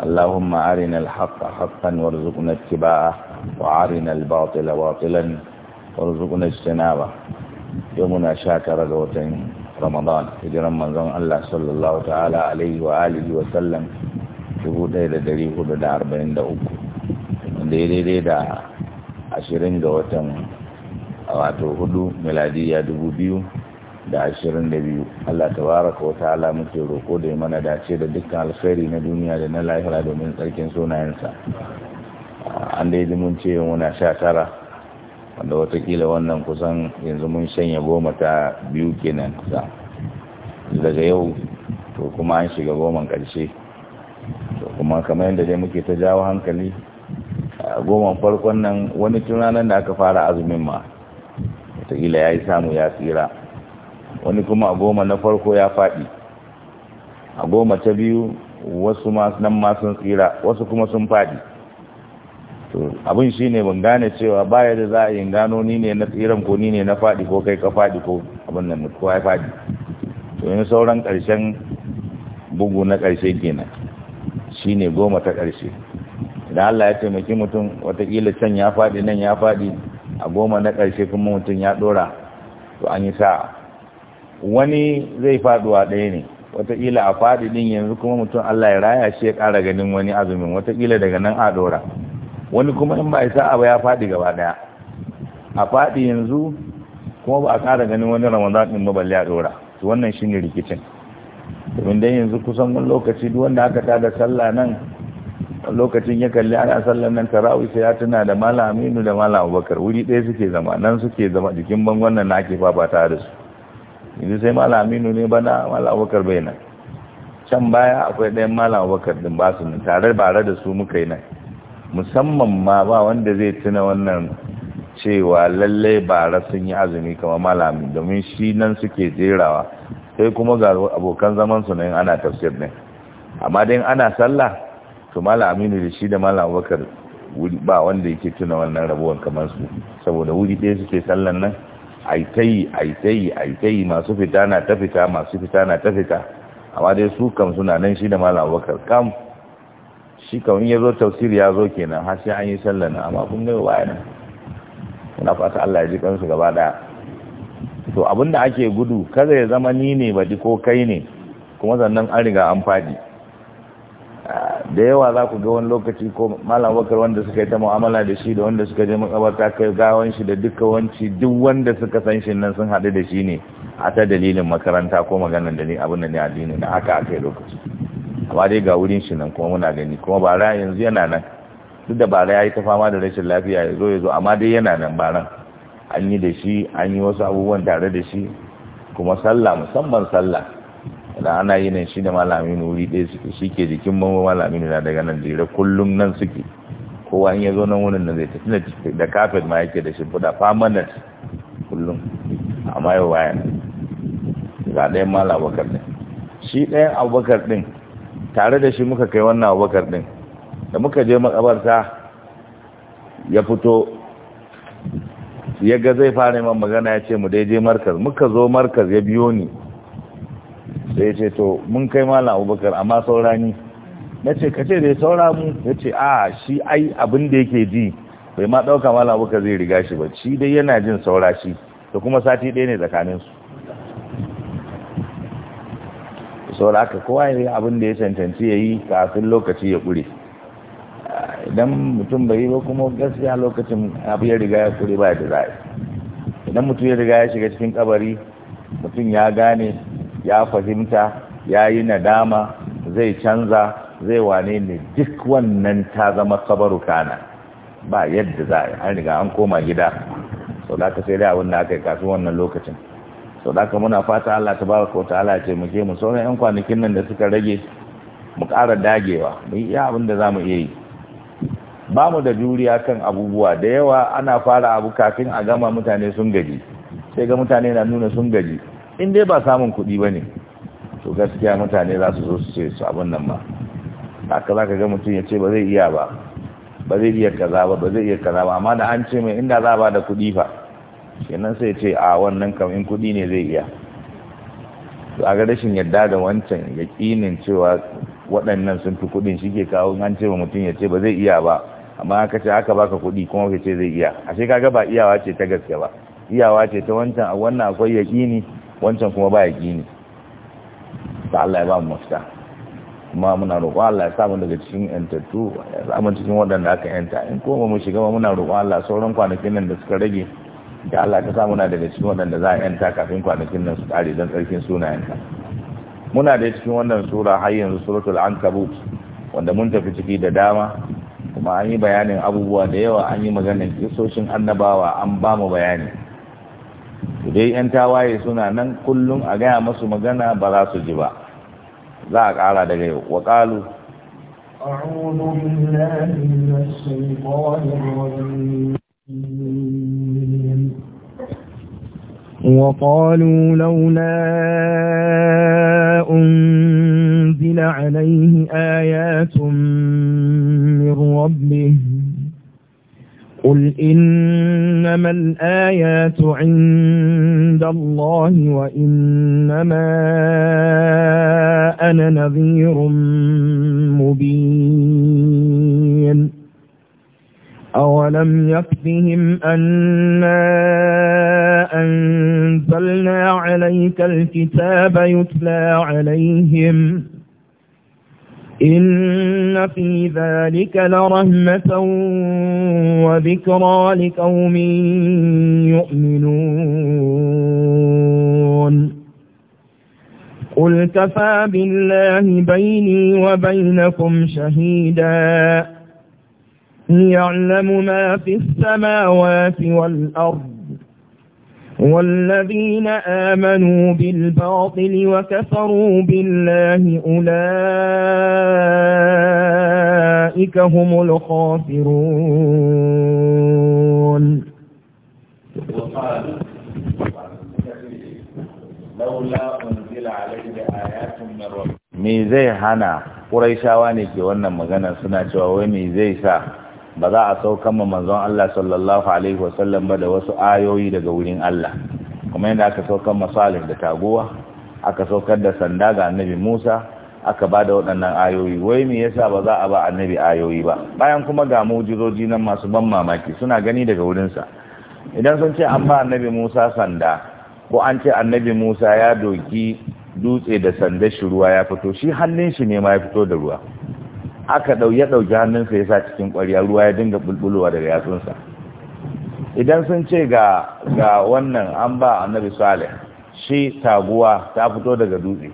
اللهم أرنا الحق حقا وارزقنا اتباعه وأرنا الباطل باطلا وارزقنا اجتنابه يومنا شاكر دوتين رمضان هجرا من زمان الله صلى الله تعالى عليه وآله وسلم شهود إلى دريه دا أربعين دا أكو daidai da ashirin ga watan wato hudu miladiya dubu biyu da ashirin da biyu Allah ta tabaraka wa ta'ala muke roƙo da mana dace da dukkan alkhairi na duniya da na lahira domin tsarkin sunayensa an da yi mun ce muna sha tara wanda watakila wannan kusan yanzu mun shanya goma ta biyu kenan kusa daga yau to kuma an shiga goman ƙarshe to kuma kamar yadda dai muke ta jawo hankali goman farkon nan wani tunanin da aka fara azumin ma watakila ya yi samu ya tsira wani kuma a goma na farko ya faɗi a goma ta biyu wasu nan ma sun tsira wasu kuma sun faɗi abin shi ne ban gane cewa baya da za a yin gano ni ne na tsiran ko ni ne na faɗi ko kai ka faɗi ko abin nan ko ya faɗi to yin sauran ƙarshen bugu na ƙarshe kenan shi ne goma ta ƙarshe idan Allah ya taimaki mutum watakila can ya faɗi nan ya faɗi a goma na ƙarshe kuma mutum ya ɗora to an yi sa'a wani zai faduwa ɗaya ne wataƙila a faɗi ɗin yanzu kuma mutum Allah ya raya shi ya ƙara ganin wani azumin wataƙila daga nan a ɗora wani kuma in ba isa abu ya faɗi gaba ɗaya a faɗi yanzu kuma ba a ƙara ganin wani ramadan ɗin ba balle a ɗora to wannan shi ne rikicin domin dai yanzu kusan wani lokaci duk wanda aka tada sallah nan lokacin ya kalli ana sallar nan tarawih sai ya tuna da malam aminu da malam abubakar wuri ɗaya suke zama nan suke zama jikin bangon nan na ake fafata da su yanzu sai malam aminu ne bana malam abubakar bai nan can baya akwai ɗayan malam abubakar din ba su nan tare bare da su muka yi nan musamman ma ba wanda zai tuna wannan cewa lallai bara sun yi azumi kamar malami domin shi nan suke jerawa sai kuma ga abokan zaman su nan ana tafsir ne amma dai ana sallah to malam Aminu da shi da malam abubakar ba wanda yake tuna wannan rabuwan kamar su saboda wuri ɗaya suke sallan nan Aitai aitai aitai masu fita na ta fita masu fita na ta fita amma dai su kam suna nan shi da malam abubakar kam shi kam in yazo tafsir ya zo kenan har sai an yi sallah na amma kun ga waye nan na fata Allah ya ji kansu gaba daya to abinda ake gudu kada ya zama ni ne baɗi ko kai ne kuma sannan an riga an faɗi da yawa za ku ga wani lokaci ko malam bakar wanda suka yi ta mu'amala da shi da wanda suka je makabarta kai gawan shi da duka wanci duk wanda suka san shi nan sun haɗu da shi ne a ta dalilin makaranta ko maganar da ne abin da ne addini na haka aka yi lokaci amma dai ga wurin shi nan kuma muna gani kuma bara yanzu yana nan duk da bara ya yi ta fama da rashin lafiya ya zo ya zo amma dai yana nan baran an yi da shi an yi wasu abubuwan tare da shi kuma sallah musamman sallah da ana yi nan shi da malamin wuri ɗaya suke shi ke jikin bambo malamin na daga nan jere kullum nan suke kowa in ya zo nan wurin nan zai tafi da kafet ma yake da shimfiɗa permanent kullum amma yau baya ga ɗayan malam abubakar ɗin shi ɗayan abubakar ɗin tare da shi muka kai wannan abubakar ɗin da muka je makabarta ya fito ya ga zai fara yi magana ya ce mu dai je markaz muka zo markaz ya biyo ni sai ce to mun kai malam abubakar amma saura ni na ce ka ce da saura mu ya ce a shi ai abin da yake ji bai ma ɗauka malam abubakar zai riga shi ba shi dai yana jin saura shi da kuma sati ɗaya ne tsakaninsu saura haka kowa ya yi abin da ya cancanci ya yi kafin lokaci ya ƙure idan mutum bai yi ba kuma gaskiya lokacin abu ya riga ya ƙure ba da za'a idan mutum ya riga ya shiga cikin kabari mutum ya gane ya fahimta ya yi nadama zai canza zai wane ne duk wannan ta zama sabaru kana ba yadda za a an an koma gida sau da aka sai da abin da aka yi kafin wannan lokacin sau da aka muna fata Allah ta baraka wa Allah ce mu je mu sauran yan kwanakin nan da suka rage mu ƙara dagewa mu yi iya abin da za mu iya yi ba mu da juriya kan abubuwa da yawa ana fara abu kafin a gama mutane sun gaji sai ga mutane na nuna sun gaji in dai ba samun kuɗi ba ne to gaskiya mutane za su zo su ce su abin nan ba ka za ka ga mutum ya ce ba zai iya ba ba zai iya kaza ba ba zai iya kaza ba amma da an ce mai inda za ba da kuɗi fa kenan sai ce a wannan kam in kuɗi ne zai iya to a ga rashin yadda da wancan yaƙinin cewa waɗannan sun fi kuɗin shi ke kawo an ce wa mutum ya ce ba zai iya ba amma aka ce aka baka kuɗi kuma ka ce zai iya ashe kaga ba iyawa ce ta gaske ba iyawa ce ta wancan a wannan akwai yaƙini wancan kuma ba ya gini ta Allah ya ba mu mafita kuma muna roƙon Allah ya samu daga cikin yantattu ya samu cikin waɗanda aka yanta in kuma mu shiga muna roƙon Allah sauran kwanakin nan da suka rage da Allah ka samu na daga cikin waɗanda za a yanta kafin kwanakin nan su ƙare don tsarkin sunayenka muna da cikin wannan sura har yanzu suratul ankabut wanda mun tafi ciki da dama kuma an yi bayanin abubuwa da yawa an yi maganin kisoshin annabawa an ba mu bayani dai yan tawaye suna nan kullum a gaya masu magana ba za su ji ba za a ƙara daga yau wa ƙalu وقالوا لولا أنزل عليه آيات من ربه قل إنما الآيات عند الله وإنما أنا نذير مبين أولم يكفهم أنا أنزلنا عليك الكتاب يتلى عليهم ؟ إن في ذلك لرحمة وذكرى لقوم يؤمنون قل كفى بالله بيني وبينكم شهيدا يعلم ما في السماوات والأرض والذين آمنوا بالباطل وكفروا بالله أولئك هم الخاسرون وقال لولا أنزل عليه آيات من ربه me zai hana ƙuraishawa ne ke wannan magana suna cewa wai me zai sa ba za a saukan ma manzon Allah sallallahu alaihi wasallam ba da wasu ayoyi daga wurin Allah kuma yadda aka saukan masalin da taguwa aka saukar da sanda ga annabi Musa aka ba da waɗannan ayoyi wai me yasa ba za a ba annabi ayoyi ba bayan kuma ga mujizoji nan masu ban mamaki suna gani daga wurin sa idan sun ce an ba annabi Musa sanda ko an ce annabi Musa ya doki dutse da sanda shi ruwa ya fito shi hannun shi ne ma ya fito da ruwa aka ɗau ya ɗauki hannunsa ya sa cikin ƙwarya ruwa ya dinga bulbulowa daga yatsunsa idan sun ce ga ga wannan an ba annabi salih shi taguwa ta fito daga dutse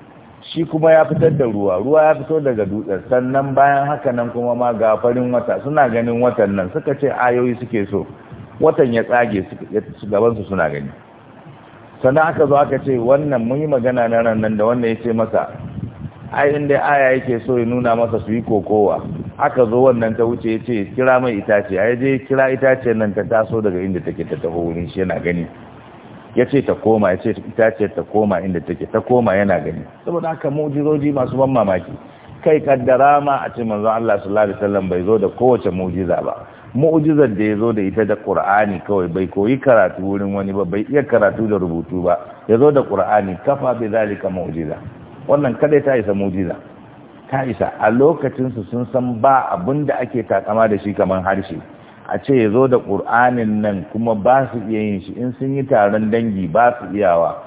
shi kuma ya fitar da ruwa ruwa ya fito daga dutse, sannan bayan haka nan kuma ma ga farin wata suna ganin watan nan suka ce ayoyi suke so watan ya tsage gabansu suna gani sannan aka zo aka ce wannan mun yi magana na ran nan da wanda ya ce masa ai inda aya yake so ya nuna masa su yi kokowa aka zo wannan ta wuce ya ce kira mai itace a je kira itace nan ta taso daga inda take ta taho wurin shi yana gani ya ce ta koma ya ce itace ta koma inda take ta koma yana gani saboda haka mujizoji masu ban mamaki kai kaddara ma a ce manzon Allah sallallahu alaihi wasallam bai zo da kowace mujiza ba mu'jizar da ya zo da ita da Qur'ani kawai bai koyi karatu wurin wani ba bai iya karatu da rubutu ba ya zo da Qur'ani kafa bi zalika mu'jiza wannan kadai ta isa mujiza ta isa a lokacin su sun san ba abin da ake takama da shi kamar harshe a ce ya zo da ƙur'anin nan kuma ba su iya yin shi in sun yi taron dangi ba su iyawa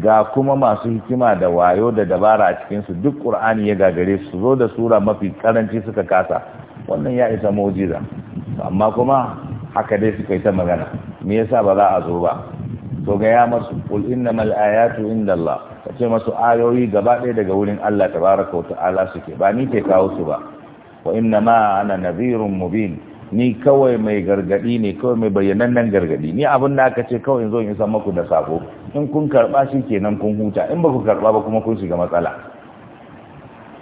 ga kuma masu hikima da wayo da dabara a cikinsu duk ƙur'ani ya gagare su zo da sura mafi karanci suka kasa wannan ya isa mujiza amma kuma haka dai suka yi ta magana me yasa ba za a zo ba to ga ya masu qul innamal ayatu indallah ka ce masu ayoyi gaba ɗaya daga wurin Allah tabaraka wa ta'ala suke ba ni ke kawo su ba wa inna ma ana nadhirun mubin ni kawai mai gargadi ne kawai mai bayyanannen gargadi ni abin da aka ce kawai zo in san maku da sako in kun karba shi kenan kun huta in ba ku karba ba kuma kun shiga matsala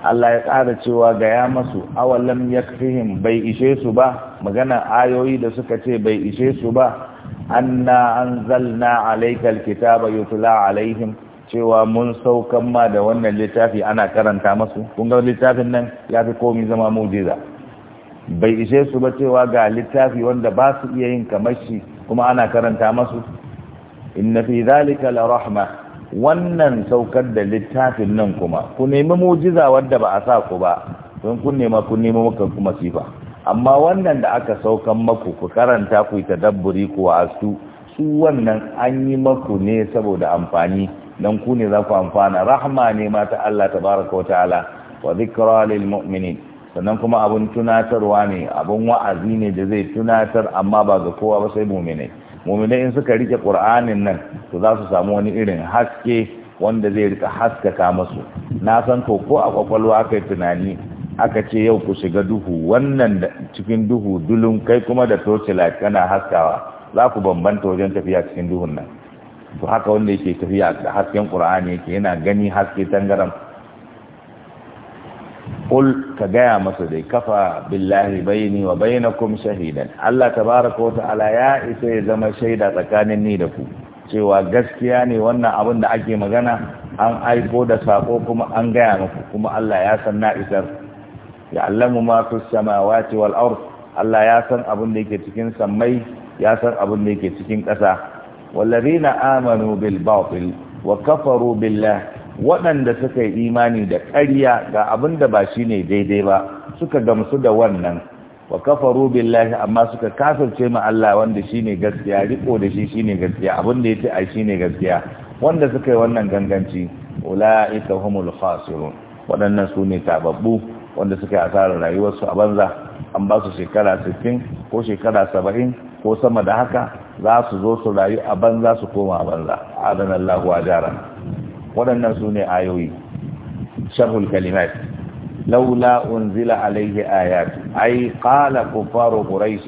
Allah ya ƙara cewa ga ya masu awalam yakfihim bai ishe su ba magana ayoyi da suka ce bai ishe su ba anna anzalna alaykal kitaba yutla alaihim cewa mun saukan ma da wannan littafi ana karanta masu kun littafin nan ya fi komi zama mujiza bai ishe su ba cewa ga littafi wanda ba su iya yin kamashi kuma ana karanta masu inna fi zalika la rahma wannan saukar da littafin nan kuma ku nemi mujiza wanda ba a sa ku ba don ku nema ku nemi muka kuma sifa amma wannan da aka saukan maku ku karanta ku yi tadabburi ku wa'astu su wannan an yi maku ne saboda amfani dan ku ne za ku amfana rahma ne ma ta Allah tabaraka wa ta'ala wa zikra lil mu'minin sannan kuma abun tunatarwa ne abun wa'azi ne da zai tunatar amma ba ga kowa ba sai mu'minai mu'minai in suka rike qur'anin nan to za su samu wani irin haske wanda zai rika haskaka musu na san to ko a kwakwalwa kai tunani aka ce yau ku shiga duhu wannan cikin duhu dulun kai kuma da torchlight kana haskawa za ku bambanta wajen tafiya cikin duhun nan to haka wanda yake tafiya da hasken qur'ani yake yana gani haske tangaram kul ka gaya masa dai kafa billahi bayni wa bainakum shahidan Allah tabaaraka wa ta'ala ya isa ya zama shaida tsakanin ni da ku cewa gaskiya ne wannan abin da ake magana an aiko da sako kuma an gaya muku kuma Allah ya san na isar ya allamu ma fi samawati wal ard Allah ya san abin da yake cikin sammai ya san abin da yake cikin ƙasa wallazina amanu bil batil wa waɗanda suka yi imani da ƙarya ga abin da ba shi ne daidai ba suka gamsu da wannan wa kafaru billahi amma suka kafirce ma Allah wanda shine gaskiya riko da shi shine gaskiya abin da ci ai shine gaskiya wanda suka yi wannan ganganci ulaika humul khasirun su sune tababbu wanda suka yi asarar rayuwarsu a banza an ba su shekara 60 ko shekara 70 ko sama da haka za su zo su rayu a banza su koma a banza adana Allah wa jara waɗannan su ne ayoyi sharhul kalimat laula unzila alaihi ayat ai qala kufaru quraish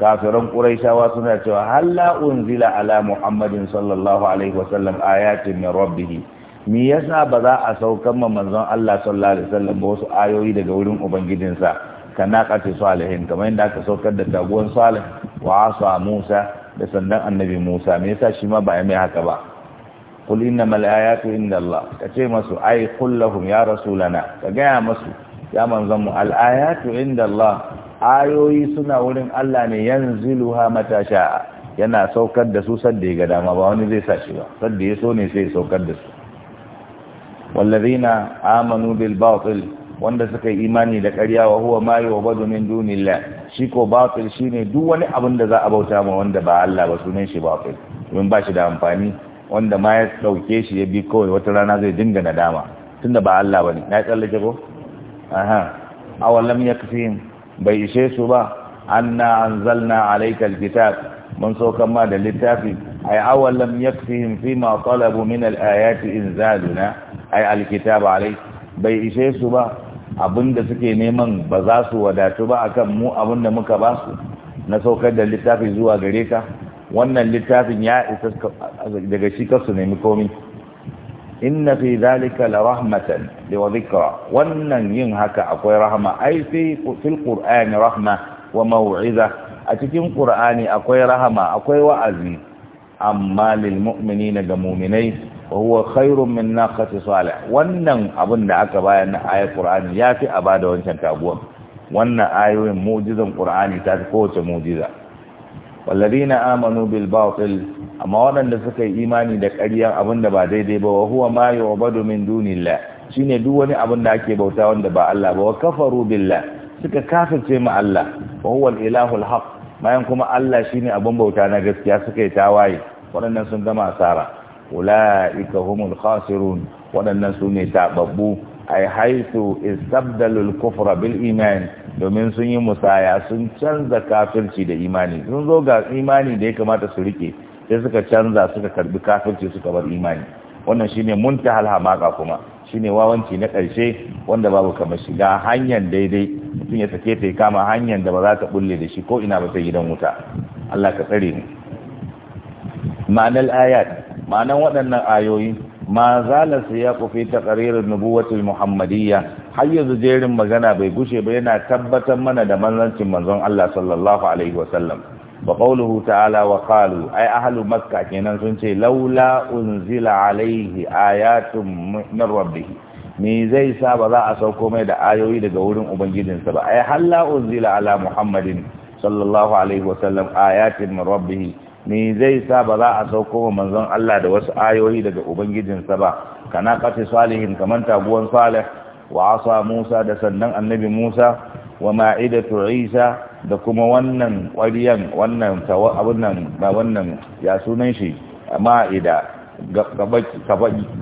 kafiran quraishawa suna cewa halla unzila ala muhammadin sallallahu alaihi wasallam ayatin min rabbih me yasa ba za a saukan ma manzon Allah sallallahu alaihi wasallam ba wasu ayoyi daga wurin ubangijinsa ka naqati salihin kamar yadda aka saukar da taguwan salih wa asa musa da sandan annabi musa me yasa shi ma ba ya mai haka ba qul innamal ayatu Ka ce masu ai qul lahum ya rasulana ka gaya masu ya manzon mu al ayatu Allah. ayoyi suna wurin Allah ne yanziluha matasha yana saukar da su sadda ya ga dama ba wani zai sa shi ba sadda ya so ne sai ya saukar da su wallazina amanu bil wanda suka yi imani da ƙarya wa huwa ma ba domin dunillah shi ko batil ne duk wani abin da za a bauta ma wanda ba Allah ba sunan shi batil domin ba shi da amfani wanda ma ya dauke shi ya bi kawai wata rana zai dinga nadama tunda ba Allah ba ne na yi tsallake ko aha ya kafi yin bai ishe su ba an na an anzalna alayka kitab mun so ma da littafi a ya kafi yin fi ma talabu min alayati inzaluna ai alkitab alai bai ishe su ba da suke neman ba za su wadatu ba akan mu abinda muka ba su na saukar da littafin zuwa gare ka wannan littafin ya isa daga shi kasu nemi komi inna fi zalika la rahmatan li wadhikra wannan yin haka akwai rahma ai fi fil qur'ani rahma wa mau'iza a cikin qur'ani akwai rahma akwai wa'azi amma lil mu'minina ga mu'minai wa huwa khairun min naqati salih wannan abin da aka bayar na ayat qur'ani yafi a bada wancan taguwan wannan ayoyin mu'jizan qur'ani ta fi kowace mu'jiza walladina amanu bil batil amma waɗanda suka yi imani da ƙaryan abin da ba daidai ba wa huwa ma yu'badu min dunillah shine duk wani abin da ake bauta wanda ba Allah ba wa kafaru billah suka kafirce ma Allah wa huwa al-ilahu al-haq bayan kuma Allah shine abin bauta na gaskiya suka yi tawaye waɗannan sun gama asara ulaika humul khasirun waɗannan su ne tababbu ay haythu istabdalul kufra bil iman domin sun yi musaya sun canza kafirci da imani sun zo ga imani da ya kamata su rike sai suka canza suka karbi kafirci suka bar imani wannan shine muntahal hamaka kuma shine wawanci na ƙarshe wanda babu kamar shiga hanyar daidai mutum ya sake ta kama hanyar da ba za ta bulle da shi ko ina ba ta gidan wuta Allah ka tsare ni ma'anar ayat ma'anar waɗannan ayoyi ma zala su ya kufi ta ƙarirar nubuwatul muhammadiyya har yanzu jerin magana bai gushe ba yana tabbatar mana da manzancin manzon Allah sallallahu alaihi sallam wa qawluhu ta'ala wa qalu ay ahlu makka kenan sun ce laula unzila alaihi ayatun min rabbih me zai sa ba za a sauko mai da ayoyi daga wurin ubangijinsa ba ay halla unzila ala muhammadin sallallahu alaihi wa sallam ayatin min rabbih me zai sa ba za a sauko wa manzon Allah da wasu ayoyi daga ubangijinsa ba kana qati salihin kaman taguwan salih wa asa musa da sannan annabi musa wa ma'idatu Isa da kuma wannan ƙwariyan wannan abun nan ba wannan ya sunan shi ma'ida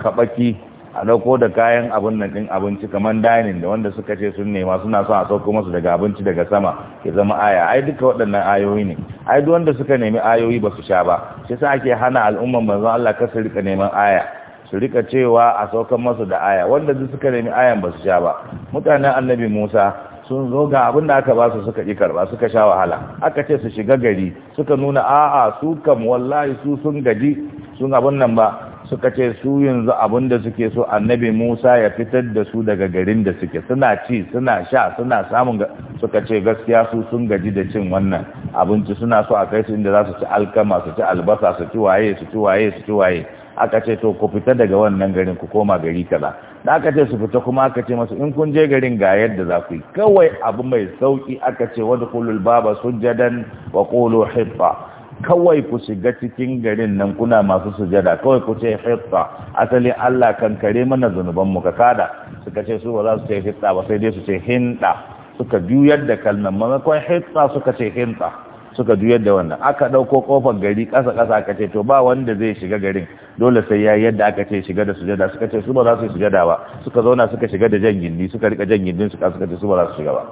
kabaki a dauko da kayan abun nan din abinci kamar dining da wanda suka ce sun nema suna son a sauko masu daga abinci daga sama ya zama aya ai duka waɗannan ayoyi ne ai duk wanda suka nemi ayoyi ba su sha ba shi yasa ake hana al'umman manzon Allah ka su rika neman aya su rika cewa a saukan masu da aya wanda duk suka nemi ayan ba su sha ba mutanen annabi Musa sun zo ga abin da aka ba su suka yi karba suka sha wahala aka ce su shiga gari suka nuna a'a su kam wallahi su sun gaji sun abin nan ba suka ce su yanzu abin da suke so annabi Musa ya fitar da su daga garin da suke suna ci suna sha suna samun suka ce gaskiya su sun gaji da cin wannan abinci suna so a kai su inda za su ci alkama su ci albasa su ci waye su ci waye su ci waye aka ce to ku fita daga wannan garin ku koma gari kaza da aka ce su fita kuma aka ce masu in kun je garin ga yadda za ku yi kawai abu mai sauki aka ce wadda kulul baba sujadan wa qulu hibba kawai ku shiga cikin garin nan kuna masu sujada kawai ku ce hibba asali Allah kan kare mana zunuban mu ka kada suka ce su ba za su ce hibba ba sai dai su ce hinda suka juyar yadda kalmar mamakon hibba suka ce hinda suka juyar da wannan aka ɗauko ƙofar gari ƙasa-ƙasa aka ce to ba wanda zai shiga garin dole sai ya yadda aka ce shiga da sujada suka ce su ba za su shiga da ba suka zauna suka shiga da jan gindi suka rika jan gindin su suka ce su ba za su shiga ba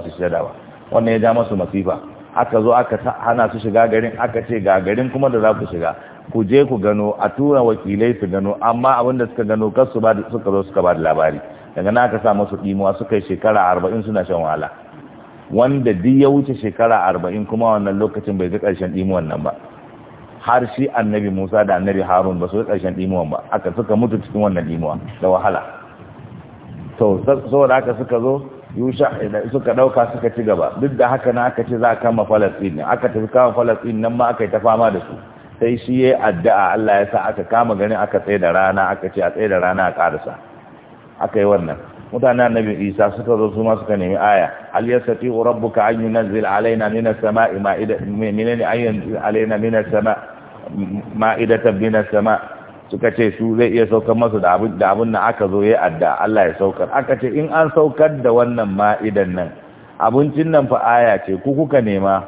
za su da ba wannan ya ja masu masifa aka zo aka hana su shiga garin aka ce ga garin kuma da za ku shiga ku je ku gano a tura wakilai su gano amma abin da suka gano kar su ba suka zo suka ba da labari daga na aka sa masu ɗimuwa suka yi shekara arba'in suna shan wahala wanda duk ya wuce shekara arba'in kuma wannan lokacin bai zai ƙarshen ɗimu wannan ba har shi annabi musa da annabi harun ba su ga ƙarshen ɗimuwan ba aka suka mutu cikin wannan ɗimu da wahala to saboda aka suka zo yusha suka ɗauka suka ci gaba duk da haka na aka ce za a kama falastin aka tafi kama falastin nan ma aka yi ta fama da su sai shi ya addu'a Allah ya sa aka kama ganin aka tsaye da rana aka ce a tsaye da rana a ƙarasa aka yi wannan mutanen annabi isa suka zo su ma suka nemi aya hal rabbuka an yunzil alaina min as-sama'i min alaina min sama ma'idatan min sama suka ce su zai iya saukar masu da abin da aka zo yayi adda Allah ya saukar aka ce in an saukar da wannan ma'idan nan abincin nan fa aya ce ku kuka nema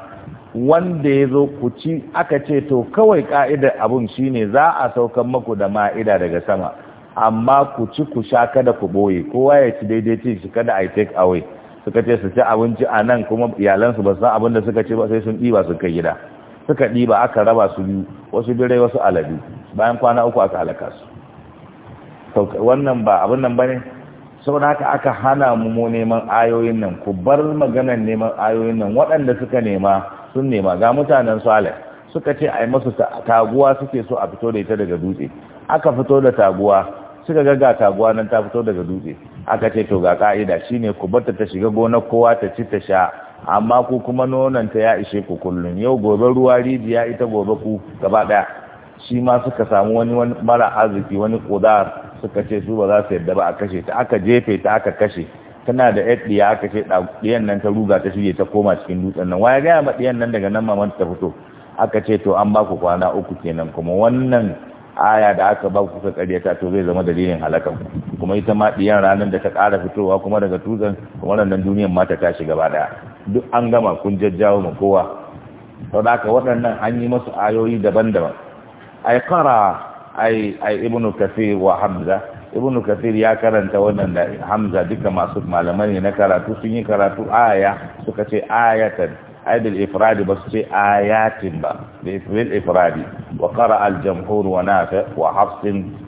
wanda ya zo ku ci aka ce to kawai ka'idar abun shine za a saukar maku da ma'ida daga sama amma ku ci ku sha kada ku boye kowa ya ci daidai ci shi kada ai take away suka ce su ci abinci a nan kuma iyalansu ba san abin da suka ce ba sai sun ɗiba su kai gida suka ɗiba aka raba su biyu wasu birai wasu alabi bayan kwana uku aka halaka su wannan ba abin nan ba saboda haka aka hana mu neman ayoyin nan ku bar maganar neman ayoyin nan waɗanda suka nema sun nema ga mutanen salih suka ce a yi masu taguwa suke so a fito da ita daga dutse aka fito da taguwa suka ga taguwa nan ta fito daga dutse aka ce to ga ka'ida shine ku barta ta shiga gona kowa ta ci ta sha amma ku kuma nonon ta ya ishe ku kullun yau gobe ruwa rijiya ita gobe ku gaba daya shi ma suka samu wani mara arziki wani kudar suka ce su ba za su yadda ba a kashe ta aka jefe ta aka kashe tana da yar ɗiya aka ce ɗiyan nan ta ruga ta shige ta koma cikin dutsen nan waya gaya ma ɗiyan nan daga nan maman ta fito aka ce to an ba ku kwana uku kenan kuma wannan aya da aka ba kuka ta to zai zama dalilin halakan kuma ita ma diyan ranar da ta ƙara fitowa kuma daga tuzan kuma waɗannan duniyar mata ta tashi gaba daya duk an gama kun jajjawo ma kowa to da aka waɗannan an yi masu ayoyi daban-daban ai kara ai ai ibnu kafir wa hamza ibnu kafir ya karanta wannan da hamza duka masu malamai ne na karatu sun yi karatu aya suka ce ayatan ai ifradi ba su ce ayatin ba bil ifradi wa qara al jamhur wa nafi wa hafs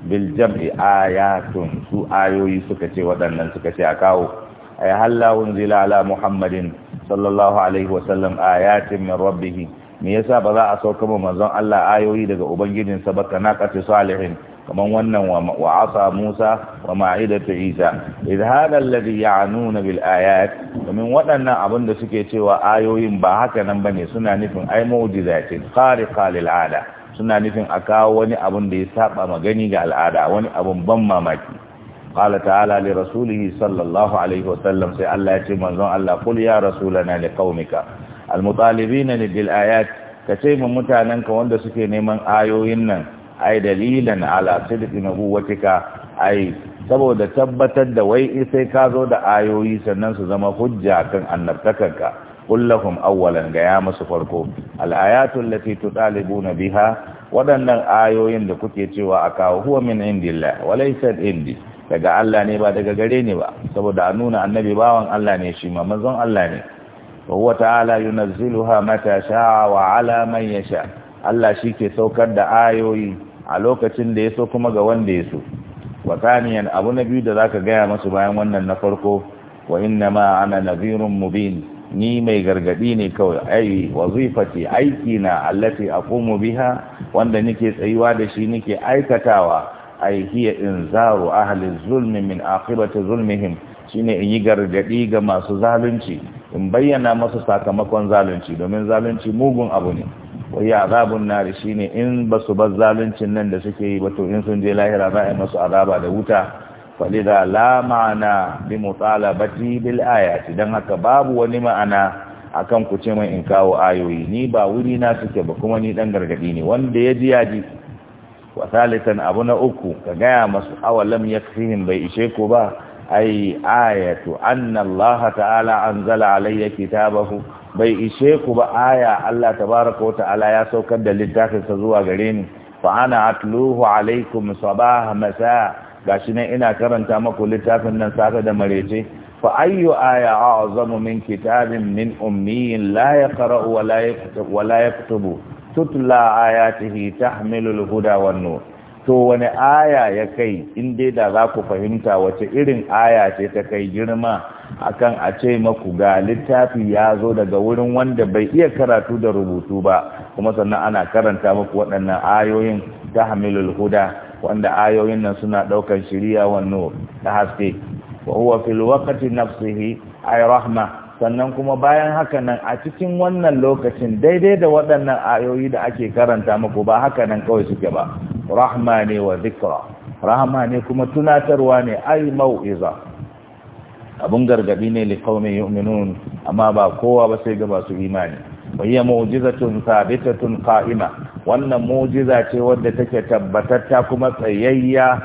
bil jam'i ayatun su ayoyi suka ce waɗannan suka ce a kawo ay halla unzila ala muhammadin sallallahu alaihi wa sallam ayatin min rabbih me yasa ba za a sauka ma manzon Allah ayoyi daga ubangijinsa ba kana qati salihin kaman wannan wa asa Musa wa ma'idatu Isa idh hada alladhi ya'nuna bil ayat domin waɗannan abin da suke cewa ayoyin ba haka nan bane suna nufin ai mu'jizatin khariqa lil ada suna nufin a kawo wani abin da ya saba magani ga al'ada wani abin ban mamaki qala ta'ala li rasulih sallallahu alaihi wa sallam sai Allah ya ce manzon Allah qul ya rasulana li qaumika al mutalibina bil ayat kace mun mutananka wanda suke neman ayoyin nan ai dalilan ala sidqi nabuwatika ai saboda tabbatar da wai sai ka zo da ayoyi sannan su zama hujja kan ka kullahum awwalan ga ya musu farko al-ayatu allati tutalibuna biha waɗannan ayoyin da kuke cewa a kawo huwa min indillah walaysa indi daga Allah ne ba daga gare ni ba saboda a nuna annabi bawan Allah ne shi ma manzon Allah ne wa huwa ta'ala yunazziluha mata sha'a wa ala man yasha Allah shi ke saukar da ayoyi a lokacin da ya so kuma ga wanda ya so wa taniyan abu na biyu da zaka gaya masu bayan wannan na farko wa inna ma ana nadhirun mubin ni mai gargadi ne kawai ai wazifati aiki na allati aqumu biha wanda nake tsayuwa da shi nike aikatawa ai hiya inzaru ahli zulmi min aqibati zulmihim shine in yi gargadi ga masu zalunci in bayyana masu sakamakon zalunci domin zalunci mugun abu ne wai azabun nari shine in basu bar zaluncin nan da suke yi ba to in sun je lahira za a masu azaba da wuta falida la ma'ana bi mutalabati bil ayati dan haka babu wani ma'ana akan ku ce mai in kawo ayoyi ni ba wuri na suke ba kuma ni dan gargadi ne wanda ya ji ya ji wa salisan abu na uku ka gaya masu awalam yakfihim bai ishe ku ba ai ayatu anna Allah ta'ala anzala alayya kitabahu bai ishe ku ba aya Allah tabaraka wa ta'ala ya saukar da littafin sa zuwa gare ni fa ana atluhu alaikum sabah masa gashi ne ina karanta maku littafin nan safe da marece fa ayyu aya a'zamu min kitabin min ummiyin la yaqra'u wa la yaktubu wa la yaktubu tutla ayatihi tahmilu al-huda wan nur to wani aya ya kai in da za ku fahimta wace irin aya ce ta kai girma akan a ce maku ga littafi ya zo daga wurin wanda bai iya karatu da rubutu ba kuma sannan ana karanta maku waɗannan ayoyin ta hamilul huda wanda ayoyin nan suna ɗaukar shiriya wannan ta haske wa huwa fil waqti nafsihi ay rahma sannan kuma bayan haka nan a cikin wannan lokacin daidai da waɗannan ayoyi da ake karanta maku ba haka nan kawai suke ba rahma ne wa zikra rahma ne kuma tunatarwa ne ay mau'iza abun gargaɗi ne li qaumin yu'minun amma ba kowa ba sai ga masu imani wahiya mu'jizatun sabitatun qa'ima wannan mu'jiza ce wadda take ta kuma tsayayya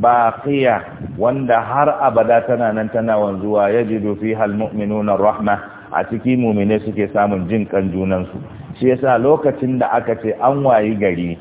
baqiya wanda har abada tana nan tana wanzuwa yajidu fiha almu'minun rahma a cikin mu'mine suke samun jin kan junansu shi yasa lokacin da aka ce an wayi gari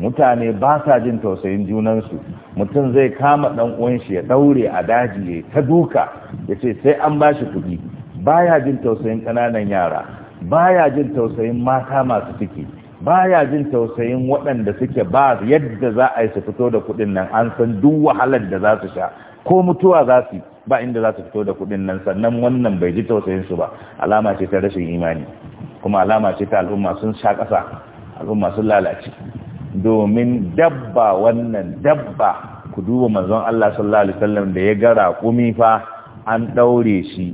mutane ba sa jin tausayin junansu mutum zai kama ɗan uwanshi ya daure a daji ya ta duka ya ce sai an ba shi kuɗi baya jin tausayin ƙananan yara baya jin tausayin mata masu ciki baya jin tausayin waɗanda suke ba yadda za a yi su fito da kuɗin nan an san duk wahalar da za su sha ko mutuwa za su ba inda za su fito da kuɗin nan sannan wannan bai ji tausayin su ba alama ce ta rashin imani kuma alama ce ta al'umma sun sha ƙasa al'umma sun lalace domin dabba wannan dabba ku duba manzon Allah sallallahu alaihi wasallam da ya ga raƙumi fa an daure shi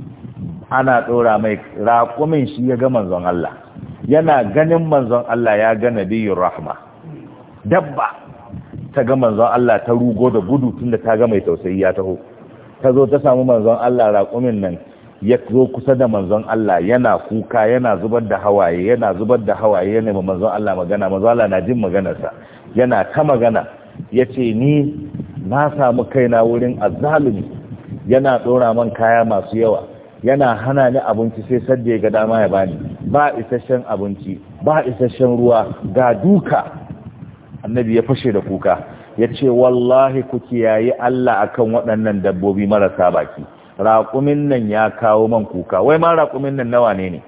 ana ɗaura mai raƙumin shi ya ga manzon Allah yana ganin manzon Allah ya ga nabiyur rahma dabba ta ga manzon Allah ta rugo da gudu tunda ta ga mai tausayi ya taho ta zo ta samu manzon Allah raƙumin nan ya zo kusa da manzon Allah yana kuka yana zubar da hawaye yana zubar da hawaye yana ma manzon Allah magana manzon Allah na jin maganarsa yana ta magana ya ce ni na samu kaina wurin azalumi yana ɗora man kaya masu yawa yana hana ni abinci sai sadda ga dama ya bani ba isasshen abinci ba isasshen ruwa ga duka annabi ya fashe da kuka ya ce wallahi ku kiyaye Allah akan waɗannan dabbobi marasa baki raƙumin nan ya kawo man kuka wai ma raƙumin nan nawa ne ne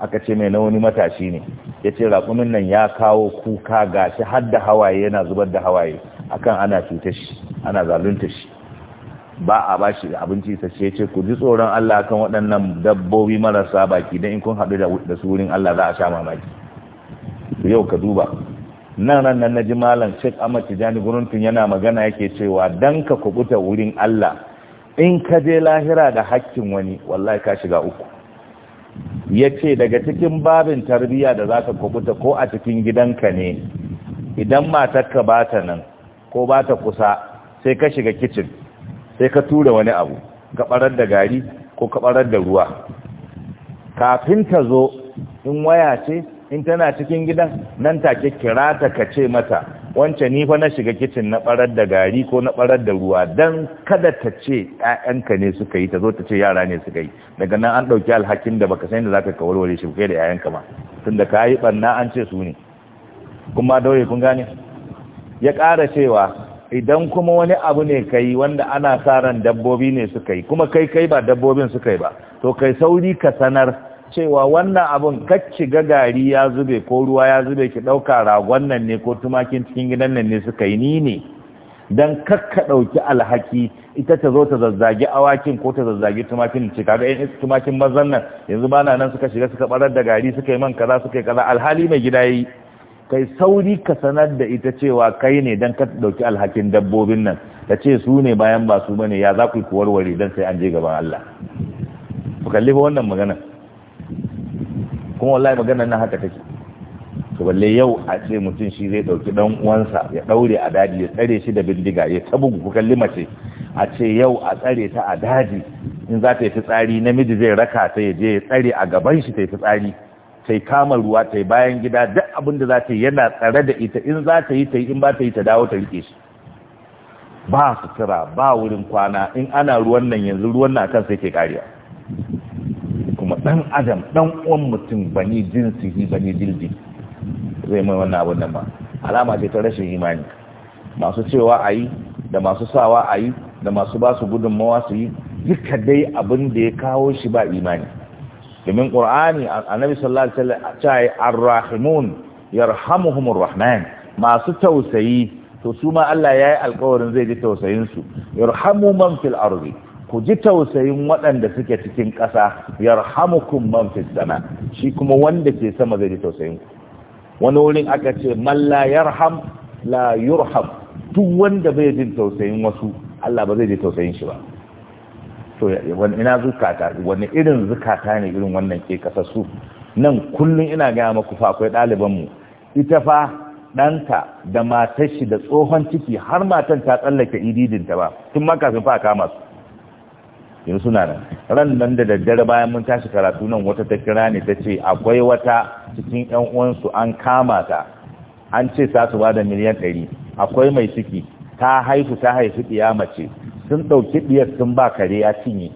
aka ce mai na wani matashi ne ya ce raƙumin nan ya kawo kuka ga shi har da hawaye yana zubar da hawaye akan ana cuta shi ana zalunta shi ba a ba shi abinci ta ce ce ku ji tsoron Allah kan waɗannan dabbobi marasa baki don in kun haɗu da su wurin Allah za a sha mamaki yau ka duba nan nan nan na ji malam Sheikh Ahmad Tijani tun yana magana yake cewa dan ka kubuta wurin Allah in ka je lahira da hakkin wani wallahi ka shiga uku ya ce daga cikin babin tarbiyya da za ka kubuta ko a cikin gidanka ne idan matakka ba ta nan ko ba ta kusa sai ka shiga kicin sai ka tura wani abu gabarar da gari ko gabarar da ruwa kafin ta zo in waya ce in tana cikin gidan nan take kira ta ka ce mata wance ni fa na shiga kicin na barar da gari ko na barar da ruwa dan kada ta ce ƴaƴanka ne suka yi ta zo ta ce yara ne suka yi daga nan an ɗauki alhakin da baka san da zaka ka warware shi kai da ƴaƴanka ma tunda ka yi barna an ce su ne kuma daure kun gane ya ƙara cewa idan kuma wani abu ne kai wanda ana sa ran dabbobi ne suka yi kuma kai kai ba dabbobin suka yi ba to kai sauri ka sanar cewa wannan abun kacci ga gari ya zube ko ruwa ya zube ki ɗauka ragon nan ne ko tumakin cikin gidan nan ne suka yi ni ne don kakka ɗauki alhaki ita ta zo ta zazzagi awakin ko ta zazzagi tumakin ce kaga yan tumakin mazan nan yanzu bana nan suka shiga suka barar da gari suka yi man kaza suka yi kaza alhali mai gida yi kai sauri ka sanar da ita cewa kai ne don ka ɗauki alhakin dabbobin nan ta ce su ne bayan ba su bane ya za ku yi kuwarware don sai an je gaban Allah ku kalli wannan magana kuma wallahi magana nan haka take to balle yau a ce mutum shi zai dauki dan uwansa ya daure a daji ya tsare shi da bindiga ya tabu ku kalli mace a ce yau a tsare ta a daji in za ta yi tsari namiji zai raka ta ya je ya tsare a gaban shi ta yi tsari ta yi kama ruwa ta bayan gida duk abin da za ta yi yana tsare da ita in za ta yi ta yi in ba ta yi ta dawo ta rike shi ba sutura ba wurin kwana in ana ruwan nan yanzu ruwan nan kan sai ke kariya kuma ɗan adam dan uwan mutum bani jinsihi bani jildi zai mai wannan abun nan ba alama ce ta rashin imani masu cewa a yi da masu sawa a yi da masu ba su gudunmawa su yi duka dai abin da ya kawo shi ba imani domin ƙur'ani annabi sallallahu alaihi wasallam ta yi arrahimun yarhamuhumur rahman masu tausayi to su ma Allah ya yi alƙawarin zai ji tausayin su yarhamu man fil ardi ku ji tausayin waɗanda suke cikin ƙasa hamukun man fis shi kuma wanda ke sama zai ji tausayin ku wani wurin aka ce Malla yar ham, la yurham duk wanda bai jin tausayin wasu Allah ba zai ji tausayin shi ba to wani ina zukata wani irin zukata ne irin wannan ke ƙasa nan kullum ina gaya maku fa akwai ɗaliban mu ita fa ɗanta da matar shi da tsohon ciki har matan ta tsallake ididinta ba tun maka kafin fa kama su yanzu suna nan ran nan da daddare bayan mun tashi karatu nan wata ta kira ne ta ce akwai wata cikin yan uwansu an kama ta an ce za su bada miliyan ɗari akwai mai ciki ta haihu ta haifi ɗiya mace sun ɗauki ɗiyar sun ba kare ya cinye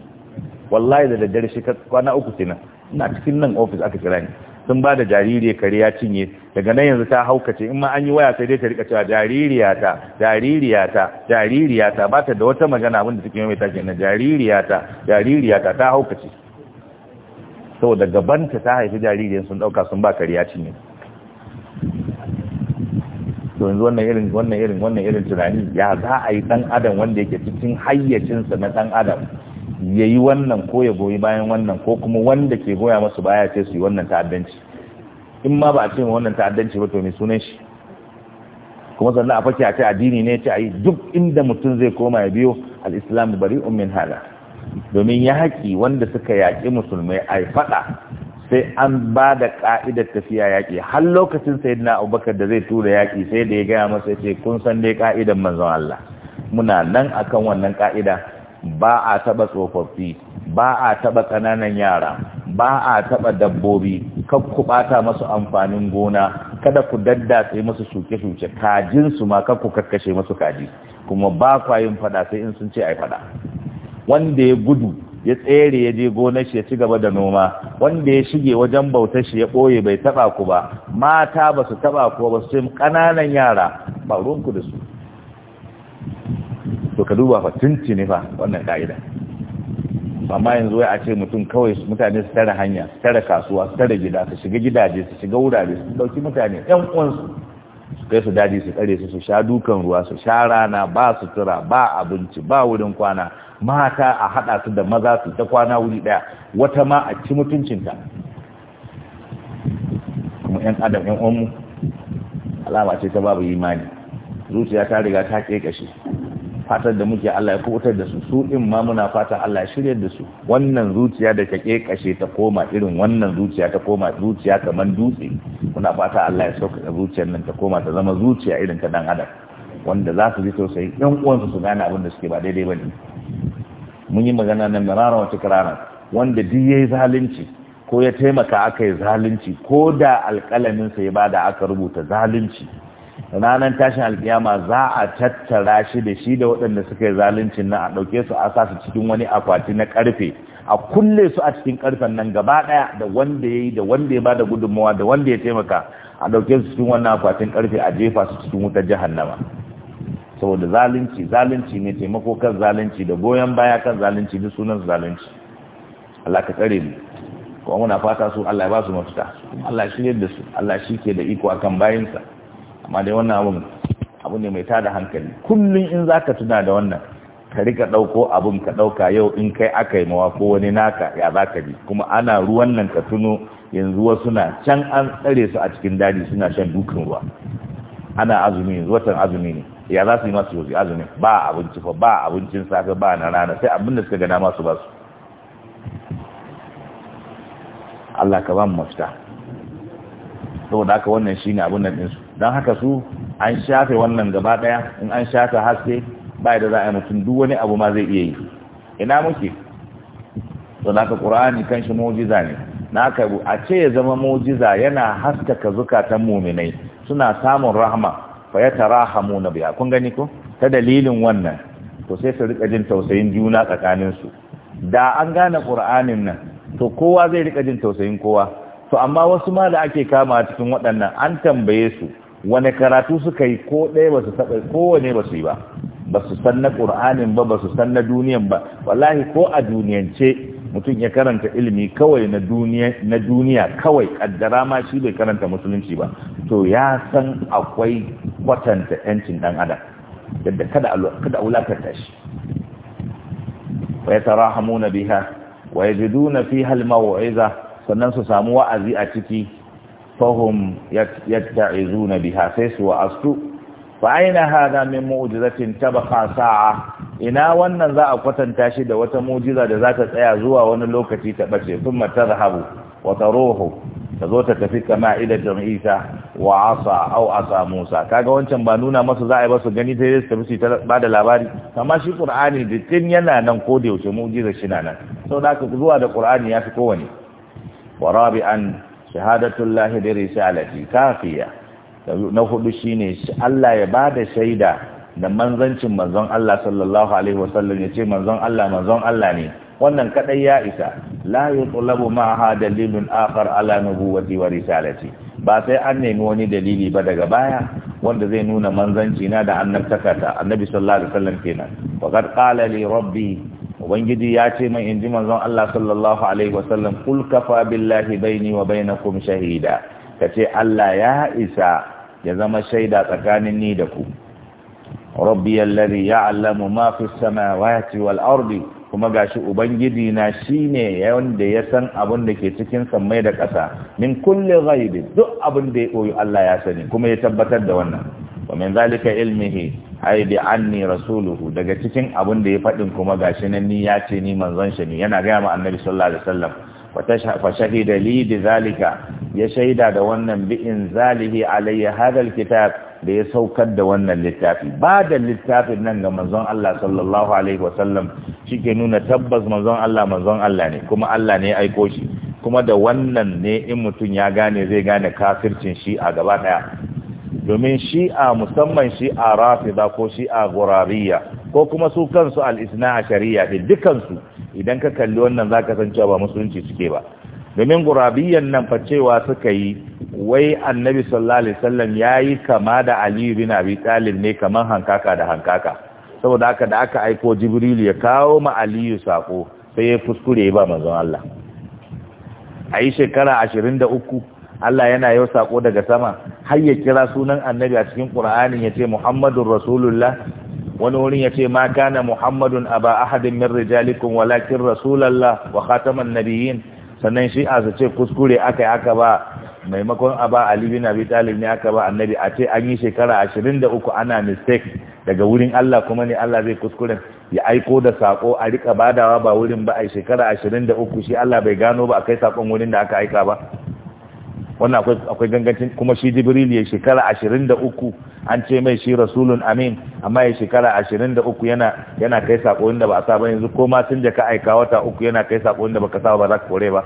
wallahi da daddare shi kwana uku nan ina cikin nan ofis aka kira ni sun ba da jaririya kare ya cinye daga nan yanzu ta haukace in ma an yi waya sai dai ta rika cewa jaririyata jaririyata jaririyata ba ta da wata magana abin da take mai ta kenan jaririyata jaririyata ta haukace saboda gabanta ta ta haifi jaririyan sun dauka sun ba kare ya cinye to yanzu wannan irin wannan irin wannan irin tunani ya za a yi dan adam wanda yake cikin hayyacinsa na dan adam ya yi wannan ko ya goyi bayan wannan ko kuma wanda ke goya masu baya ce su yi wannan ta'addanci in ma ba a ce wannan ta'addanci ba to mai sunan shi kuma sannan a fake a ce addini ne ce a yi duk inda mutum zai koma ya biyo al-islam bari min hada domin ya haƙi wanda suka yaƙi musulmai a faɗa sai an ba da ƙa'idar tafiya yaƙi har lokacin sayyidina abubakar da zai tura yaƙi sai da ya gaya masa ce kun san dai ƙa'idar manzon Allah muna nan akan wannan ƙa'ida ba a taba tsofaffi ba a taba kananan yara ba a taba dabbobi kan ku bata masu amfanin gona kada ku daddatsa masu shuke-shuke kajin su ma kan ku kakkashe masu kaji kuma ba kwa yin fada sai in sun ce ai fada wanda ya gudu ya tsere ya je gona shi ya ci gaba da noma wanda ya shige wajen bautar shi ya ɓoye bai taba ku ba mata ba su taba ku ba su ce yara ba ruwanku da su to ka duba fa tunci ne fa wannan ka'ida amma yanzu wai a ce mutum kawai mutane su tara hanya su tara kasuwa su tara gida su shiga gidaje su shiga wurare su dauki mutane yan uwansu su kai su daji su tsare su su sha dukan ruwa su sha rana ba su tura ba abinci ba wurin kwana mata a haɗa su da maza su ta kwana wuri ɗaya wata ma a ci mutuncinta kuma ‘yan adam ‘yan uwanmu alama ce ta babu imani zuciya ta riga ta ƙeƙashe fatar da muke Allah ya kubutar da su su in ma muna fata Allah ya shirya da su wannan zuciya da take kashe ta koma irin wannan zuciya ta koma zuciya kamar dutse muna fata Allah ya sauka zuciyar nan ta koma ta zama zuciya irin ta dan adam wanda za su ji sosai ɗan uwansu su gane abin da suke ba daidai ba ne mun yi magana na mirara wata kirana wanda duk ya yi zalunci ko ya taimaka aka yi zalunci ko da alƙalaminsa ya bada aka rubuta zalunci ranar tashin alkiyama za a tattara shi da shi da waɗanda suka yi zaluncin nan a ɗauke su a sa su cikin wani akwati na ƙarfe a kulle su a cikin ƙarfen nan gaba ɗaya da wanda ya yi da wanda ya ba da gudunmawa da wanda ya taimaka a ɗauke su cikin wannan akwatin ƙarfe a jefa su cikin wutar jahannama saboda zalunci zalunci ne taimako kan zalunci da goyon baya kan zalunci duk sunan zalunci Allah ka tsare mu kuma muna fata su Allah ya ba su mafita Allah shi ne da su Allah shi ke da iko akan bayinsa amma dai wannan abun abu ne mai tada hankali kullum in zaka tuna da wannan ka rika dauko abun ka dauka yau in kai aka yi mawa ko wani naka ya zaka ji kuma ana ruwan nan ka tuno yanzu wasu na can an tsare su a cikin daji suna shan dukan ruwa ana azumi yanzu watan azumi ne ya za su yi masu yozi azumi ba abinci fa ba abincin safe ba na rana sai abin da suka gana masu basu Allah ka ba mu mafita saboda haka wannan shine abin nan ɗinsu don haka su an shafe wannan gaba daya in an shafe haske ba da za a mutum duk wani abu ma zai iya yi ina muke to naka qur'ani shi mu'jiza ne naka a ce ya zama mu'jiza yana haskaka zukatan mu'minai suna samun rahma fa yatarahamuna nabiya kun gani ko ta dalilin wannan to sai su rika jin tausayin juna tsakanin su da an gane qur'anin nan to kowa zai rika jin tausayin kowa to amma wasu ma da ake kama cikin waɗannan an tambaye su wani karatu suka yi ko ɗaya ba su taɓa kowane ba su yi ba ba su san na ƙur'anin ba ba su san na duniyan ba wallahi ko a duniyance mutum ya karanta ilimi kawai na duniya kawai kaddara ma shi bai karanta musulunci ba to ya san akwai kwatanta yancin ɗan adam yadda kada kada wulakanta shi wa yatarahamuna biha wa fiha sannan su samu wa'azi a ciki fahum na biha sai su astu fa aina hadha min mu'jizatin tabqa sa'a ina wannan za a kwatanta shi da wata mu'jiza da za ta tsaya zuwa wani lokaci ta bace ta zahabu wa taruhu ta zo ta tafi kama ila jam'isa wa asa au asa musa kaga wancan ba nuna masa za a yi ba su gani sai su tafi ta ba da labari amma shi qur'ani dukkan yana nan ko da yaushe mu'jiza shi na nan saboda haka zuwa da qur'ani ya fi kowane wa rabi'an shahadatullahi bi risalati kafiya na hudu shine Allah ya bada shaida da manzancin manzon Allah sallallahu alaihi wasallam ce manzon Allah manzon Allah ne wannan kadai ya isa la yutlabu ma'aha dalilin akhar ala nubuwati wa risalati ba sai an nemi wani dalili ba daga baya wanda zai nuna manzanci na da annabtaka ta annabi sallallahu alaihi wasallam kenan wa qala li rabbi ubangiji ya ce mai inji manzon Allah sallallahu alaihi wasallam kul kafa billahi baini wa bainakum shahida kace Allah ya isa ya zama shaida tsakanin ni da ku rabbi alladhi ya'lamu ma fi samawati wal ardi kuma gashi ubangiji na shine wanda ya san abin da ke cikin sammai da ƙasa min kulli ghaibi duk abin da ya koyi Allah ya sani kuma ya tabbatar da wannan wa min zalika ilmihi ai bi anni rasuluhu daga cikin abin da ya faɗin kuma gashi nan ni ya ce ni manzon shi ne yana gaya ma annabi sallallahu alaihi wasallam fa shahida li bi zalika ya shaida da wannan bi in zalihi alayya hadal kitab da ya saukar da wannan littafi ba da littafin nan ga manzon Allah sallallahu alaihi wasallam ke nuna tabbas manzon Allah manzon Allah ne kuma Allah ne ya aiko shi kuma da wannan ne in mutum ya gane zai gane kafircin shi a gaba daya domin shi'a musamman shi'a rafida ko shi'a gurariya ko kuma su kansu al a shari'a din dukansu idan ka kalli wannan za ka san cewa ba musulunci suke ba domin gurabiyan nan fa cewa suka yi wai annabi sallallahu alaihi wasallam yayi kama da Aliyu bin abi talib ne kaman hankaka da hankaka saboda haka da aka aiko jibril ya kawo ma aliyu sako sai ya fuskure ba manzon Allah a yi shekara ashirin da uku Allah yana yau sako daga sama har ya kira sunan annabi a cikin qur'anin ya ce muhammadun rasulullah wani wurin ya ce ma kana muhammadun aba ahadin min rijalikum walakin rasulallah wa khataman nabiyyin sannan shi a su kuskure aka aka ba maimakon aba ali bin abi talib ne aka ba annabi a ce an yi shekara 23 ana mistake daga wurin Allah kuma ne Allah zai kuskuren ya aiko da sako a rika badawa ba wurin ba a shekara 23 shi Allah bai gano ba a kai sakon wurin da aka aika ba wannan akwai akwai gangancin kuma shi jibril ya shekara 23 an ce mai shi rasulun amin amma ya shekara 23 yana yana kai sako inda ba a saba yanzu ko ma sun ka aika wata uku yana kai sako inda baka saba ba za ka kore ba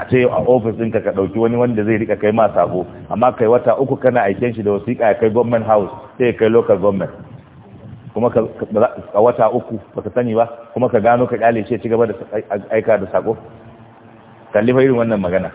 a ce a ofis ɗinka ka ɗauki wani wanda zai rika kai ma sako amma kai wata uku kana aiken shi da wasiƙa ya kai government house sai ya kai local government kuma a wata uku baka sani ba kuma ka gano ka kyale ce ci gaba da aika da sako kalli fa irin wannan magana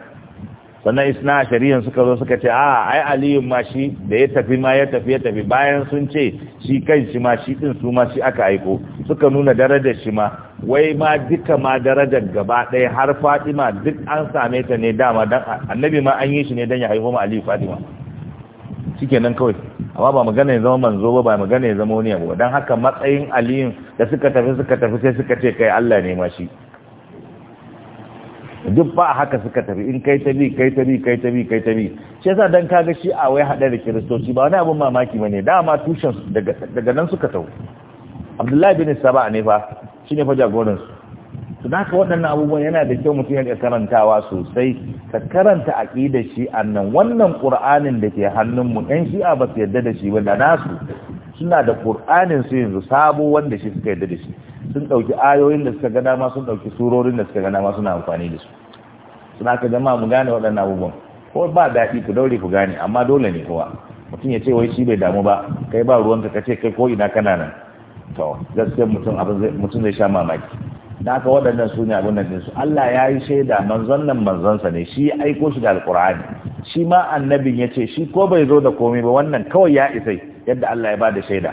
sannan isna a shari'an suka zo suka ce a ai aliyun ma shi da ya tafi ma ya tafi ya tafi bayan sun ce shi kan shi ma shi din su ma shi aka aiko suka nuna darajar shi ma wai ma duka ma darajar gaba ɗaya har fatima duk an same ta ne dama dan annabi ma an yi shi ne dan ya haihu ma aliyu fatima shikenan kawai amma ba magana ya zama manzo ba ba magana ya zama wani abu dan haka matsayin aliyun da suka tafi suka tafi sai suka ce kai Allah ne ma shi duk ba haka suka tafi in kai ta bi kai ta bi kai ta bi kai ta bi shi yasa dan kaga shi a wai hada da kiristoci ba wani abin mamaki bane dama tushen daga daga nan suka tau Abdullahi bin Saba ne fa shine fa jagoran su to haka waɗannan abubuwan yana da kyau mutum ya karantawa sosai ka karanta aqidar shi annan wannan qur'anin da ke hannun mu ɗan shi'a ba su yarda da shi ba da nasu suna da qur'anin su yanzu sabo wanda shi suka yarda da shi sun ɗauki ayoyin da suka ga dama sun ɗauki surorin da suka ga dama suna amfani da su suna ka jama'a mu gane waɗannan abubuwan ko ba daɗi ku daure ku gane amma dole ne kowa mutum ya ce wai shi bai damu ba kai ba ruwanka ka ce kai ko ina kana nan to gaskiyar mutum abin mutum zai sha mamaki da haka waɗannan su ne abin nan su Allah ya yi shaida manzon nan manzonsa ne shi ya aiko shi da alkur'ani shi ma annabin ya ce shi ko bai zo da komai ba wannan kawai ya isa yadda Allah ya ba da shaida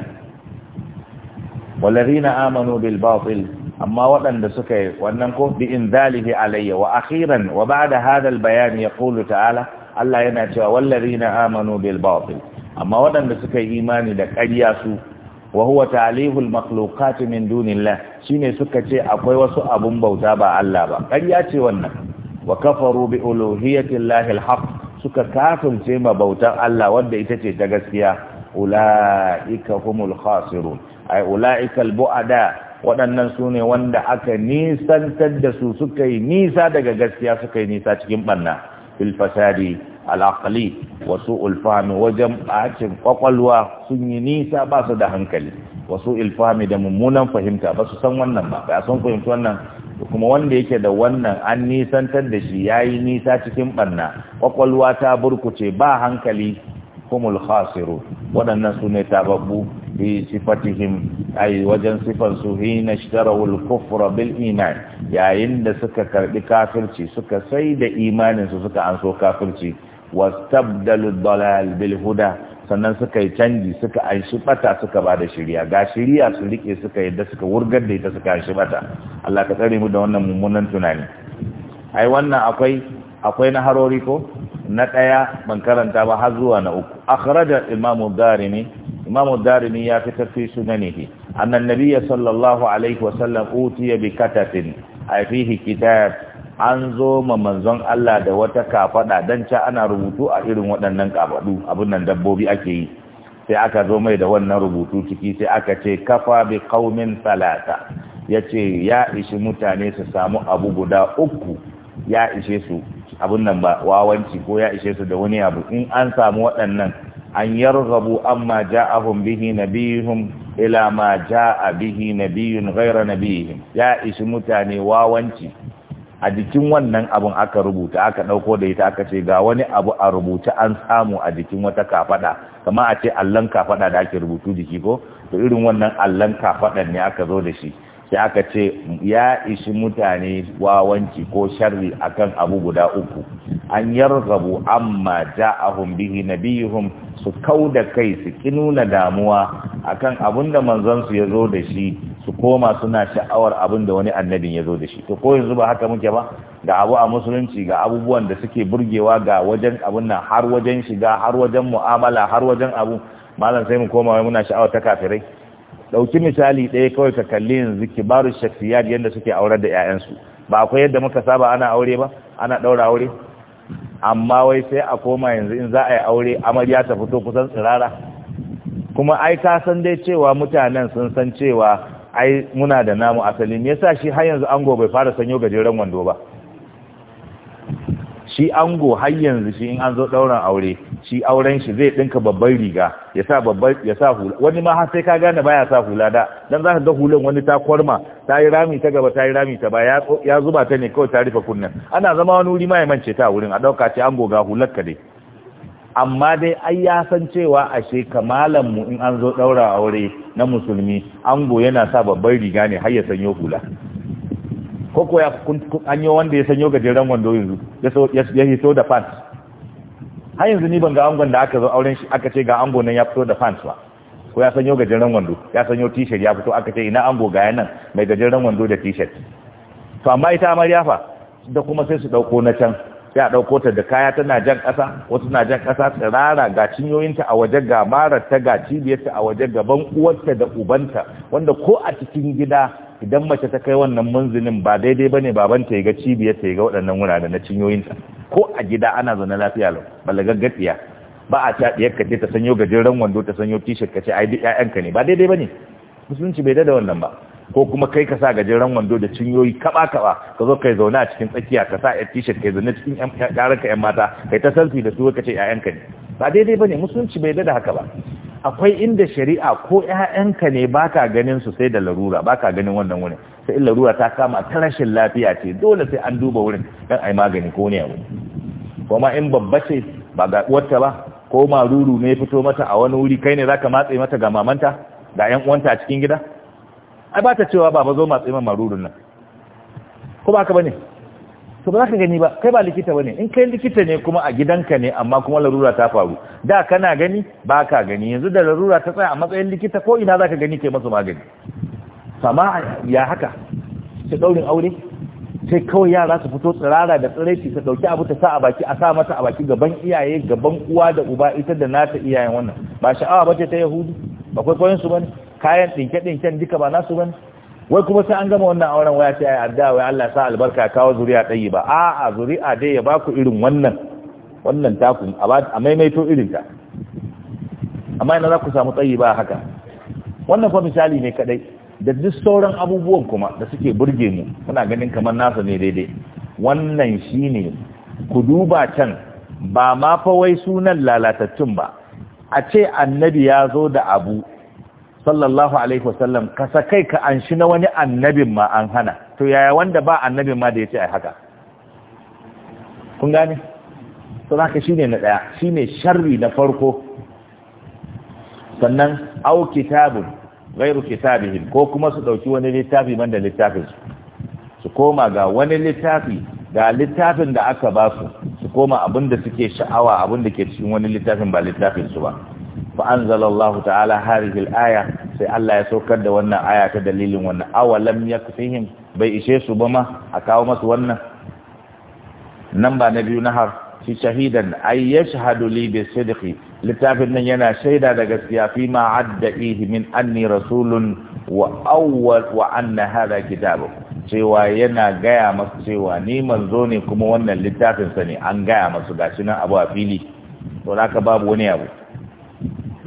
walladhina amanu bil batil amma waɗanda suka yi wannan ko bi inzalihi alayya wa akhiran wa ba'da hadha al bayan yaqulu ta'ala Allah yana cewa walladhina amanu bil batil amma waɗanda suka yi imani da ƙarya su wa huwa ta'lihul makhluqat min dunillah shine suka ce akwai wasu abun bauta ba Allah ba ƙarya ce wannan wa kafaru bi uluhiyyati llahi al suka kafirce ma bautar Allah wanda ita ce ta gaskiya ulaika humul khasirun ai ula'ikal bu'ada waɗannan su ne wanda aka nisantar da su suka yi nisa daga gaskiya suka yi nisa cikin ɓanna fil fasadi al'aqali wasu ulfami wajen ɓacin ƙwaƙwalwa sun yi nisa ba su da hankali wasu ulfami da mummunan fahimta ba su san wannan ba ba sun fahimta wannan kuma wanda yake da wannan an nisantar da shi ya yi nisa cikin ɓanna ƙwaƙwalwa ta burkuce ba hankali kumul khasiru waɗannan su ne tababbu fi sifatihim ai wajen sifan su hina ishtarawul kufra bil iman yayin da suka karbi kafirci suka sai da imanin su suka anso kafirci wastabdalu dalal bil huda sannan suka yi canji suka anshi bata suka bada shiriya ga shiriya su rike suka yadda suka wurgar da ita suka anshi bata Allah ka tsare mu da wannan mummunan tunani ai wannan akwai akwai na harori ko na daya ban karanta ba har zuwa na uku akhraja imamu darimi imamu darimi ya fitar fi sunanihi annan nabiyya sallallahu alaihi wasallam utiya bi katatin a fihi kitab an zo ma manzon Allah da wata kafada dan ca ana rubutu a irin waɗannan kafadu abin nan dabbobi ake yi sai aka zo mai da wannan rubutu ciki sai aka ce kafa bi qaumin salata yace ya ishi mutane su samu abu guda uku ya ishe su abun nan ba wawanci ko ya ishe su da wani abu in an samu waɗannan an yarghabu amma ja'ahum bihi nabiyuhum ila ma ja'a bihi nabiyun ghayra nabiyihim ya ishi mutane wawanci a jikin wannan abun aka rubuta aka dauko da ita aka ce ga wani abu a rubuta an samu a jikin wata kafada kamar a ce allon kafada da ake rubutu jiki ko to irin wannan allon kafadan ne aka zo da shi sai aka ce ya ishi mutane wawanci ko sharri akan abu guda uku an yargabu amma a ja'ahum bihi nabiyuhum su kau da kai su ki nuna damuwa akan abinda manzon ya zo da shi su koma suna sha'awar abinda wani annabin zo da shi to ko yanzu ba haka muke ba ga abu a musulunci ga abubuwan da suke burgewa ga wajen abun nan har wajen shiga har wajen mu'amala har wajen abu malam sai mu koma muna sha'awar ta kafirai dauki misali ɗaya kawai ka kalli yanzu kibaru shafiyar yadda suke aurar da 'ya'yansu ba akwai yadda muka saba ana aure ba ana ɗaura aure amma wai sai a koma yanzu in za a yi aure amarya ta fito kusan tsirara kuma ai ka san dai cewa mutanen sun san cewa ai muna da namu asali me yasa shi har yanzu ango bai fara sanyo gajeren wando ba shi ango har yanzu shi in an zo ɗauran aure shi auren shi zai ɗinka babban riga ya sa babban ya sa hula wani ma har sai ka gane baya sa hula da dan za ka ga hulan wani ta kwarma ta yi rami ta gaba ta yi rami ta ba ya zuba ta ne kawai ta rufe kunnen ana zama wani wuri ma mance ta wurin a ɗauka ce ango ga hular ka dai amma dai ai ya san cewa ashe kamalan mu in an zo ɗaura aure na musulmi ango yana sa babban riga ne har ya sanyo hula ko ko ya an yi wanda ya sanyo gajeren wando yanzu ya hito da pants har yanzu ni ban ga angon da aka zo auren shi aka ce ga ango nan ya fito da pants ba ko ya sanyo gajeren wando ya sanyo t-shirt ya fito aka ce ina ango ga nan mai gajeren wando da t-shirt to amma ita amarya fa da kuma sai su dauko na can sai dauko ta da kaya tana jan kasa wasu na jan kasa tsirara ga cinyoyinta a waje ga marar ta ga cibiyarta a waje gaban uwarta da ubanta wanda ko a cikin gida idan mace ta kai wannan manzilin ba daidai bane baban ta ga cibiyar ta ga waɗannan wurare na cinyoyin ta. ko a gida ana zaune lafiya lau balagaggatsiya ba a ta diyar kace ta sanyo gajeren wando ta sanyo t-shirt kace ai duk ka ne ba daidai bane musulunci bai da wannan ba ko kuma kai ka sa gajeren wando da cinyoyi kaba kaba ka zo kai zaune a cikin tsakiya ka sa ƴar t-shirt kai zaune cikin ƴan ka ƴan mata kai ta selfie da su kace ka ne ba daidai bane musulunci bai da haka ba akwai inda shari'a ko ƴaƴanka ne ba ka ganin su sai da larura ba ka ganin wannan wurin sai in larura ta kama ta rashin lafiya ce dole sai an duba wurin a yi magani ko ne wuri kuma in babba ce ba ga uwarta ba ko maruru ne fito mata a wani wuri kai ne za ka matse mata ga mamanta ga ƴan uwanta a cikin gida ai ba ta cewa baba zo matse ma marurun nan ko ba ka ba ne. to ba za ka gani ba kai ba likita bane in kai likita ne kuma a gidanka ne amma kuma larura ta faru da kana gani ba ka gani yanzu da larura ta tsaya a matsayin likita ko ina za ka gani kai masu magani sama ya haka ta daurin aure sai kawai yara su fito tsirara da tsiraici ta dauki abu ta sa a baki a sa mata a baki gaban iyaye gaban uwa da uba ita da nata iyayen wannan ba sha'awa bace ta yahudu ba kwaikwayon su bane kayan ɗinke ɗinken duka ba nasu bane wai kuma sai an gama wannan auren waya ce ai addu'a wai Allah sa albarka kawo zuriya dai ba a'a zuri'a dai ya baku irin wannan wannan taku a maimaito irin ta amma ina za ku samu tsayi ba haka wannan fa misali ne kadai da duk sauran abubuwan kuma da suke burge mu muna ganin kamar nasa ne daidai wannan shine ku duba can ba ma fa wai sunan lalatattun ba a ce annabi ya zo da abu sallallahu alaihi wasallam ka sakai ka an shi na wani annabin ma an hana to yaya wanda ba annabin ma da ya ci ai haka kun gane to haka shine na daya shine sharri na farko sannan au kitabun ghairu kitabihim ko kuma su dauki wani littafi man da littafin su su koma ga wani littafi ga littafin da aka ba su su koma abinda suke sha'awa abinda ke cikin wani littafin ba littafin su ba فأنزل الله تعالى هذه الآية سي الله يسوكر ده وانا آية كدليل وانا أولم يكفيهم بي إشيسوا بما أكاومت وانا na نبي نهر في شهيدا أي يشهد لي بالصدق littafin nan yana shaida da gaskiya fi ma adda'ihi min anni rasulun wa awwal wa anna hada kitabu cewa yana gaya masu cewa ni manzo ne kuma wannan littafin sa ne an gaya masu gashi nan abu a fili to babu wani abu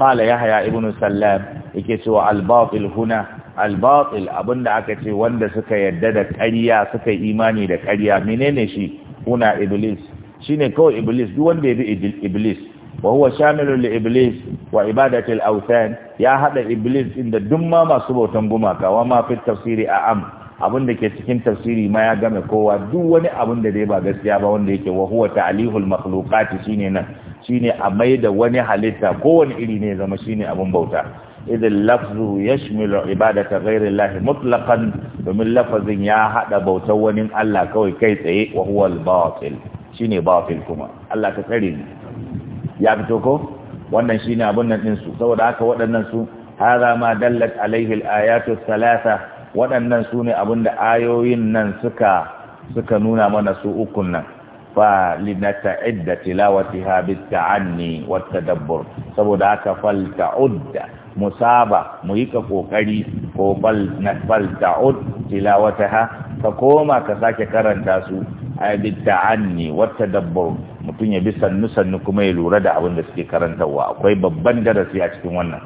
qala yahya ibn sallam yake cewa al-batil huna al-batil abinda aka ce wanda suka yadda da ƙarya suka imani da ƙarya menene shi huna iblis shine kawai iblis duk wanda ya bi iblis wa huwa shamilun li iblis wa ibadati al-awthan ya hada iblis inda duk ma masu bautan gumaka wa ma fi tafsiri a am abunda ke cikin tafsiri ma ya game kowa duk wani abin da dai ba gaskiya ba wanda yake wa huwa ta'lihul makhluqati shine nan shine a maida wani halitta kowane iri ne zama shine abin bauta idan lafzu ya shimilu ibadata ghairi lahi mutlaqan domin lafazin ya haɗa bautar wani Allah kawai kai tsaye wa huwa al-batil shine batil kuma Allah ka tsare ni ya fito ko wannan shine abun nan din saboda haka waɗannan su hadha ma dallat alaihi al-ayatu thalatha waɗannan su ne abin da ayoyin nan suka suka nuna mana su ukun nan falinata idda tilawatiha wata wattadabbur saboda haka falta'udda musaba mu yi ka kokari ko falta'ud tilawataha ka koma ka sake karanta su a wata wattadabbur mutum ya bi sannu sannu kuma ya lura da abin da suke karantarwa akwai babban darasi a cikin wannan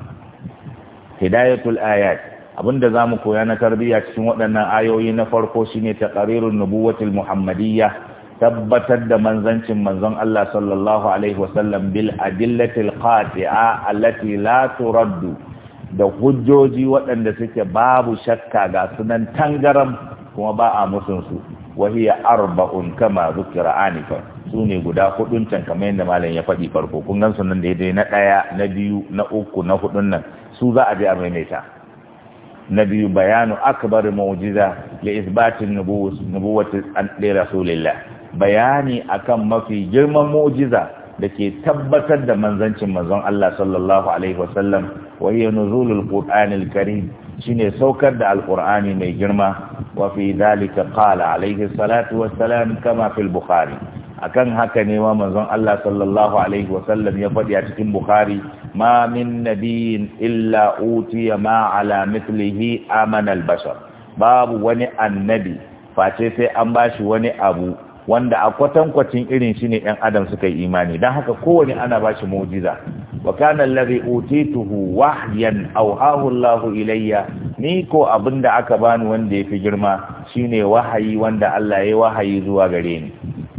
hidayatul ayat abinda za mu koya na tarbiyya cikin waɗannan ayoyi na farko shine taqrirun nubuwatil muhammadiyya tabbatar da manzancin manzon Allah sallallahu alaihi wasallam bil adillatil qati'a allati la turaddu da hujjoji waɗanda suke babu shakka ga sunan tangaram kuma ba a musun su wahiya arba'un kama zukira anifa su ne guda hudun can kamar yadda malam ya faɗi farko kun gan sunan da ya na ɗaya na biyu na uku na hudun nan su za a je a maimaita na biyu bayanu akbar mu'jiza li isbatin nubuwwati an rasulillah bayani akan mafi girman mu'jiza da ke tabbatar da manzancin manzon Allah sallallahu alaihi wasallam wa hiya nuzulul qur'anil karim shine saukar da alqur'ani mai girma wa fi dhalika qala alaihi salatu wassalam kama fil bukhari akan haka ne ma manzon Allah sallallahu alaihi wasallam ya faɗi a cikin bukhari ma min illa utiya ma ala mithlihi amana al-bashar babu wani annabi face sai an bashi wani abu wanda a kwatankwacin irin shi ne ‘yan adam suka yi imani don haka kowane ana ba shi mujiza wa kanan lari utituhu wahyan auhahullahu ilayya ni ko abin da aka bani wanda ya fi girma shine wahayi wanda Allah ya wahayi zuwa gare ni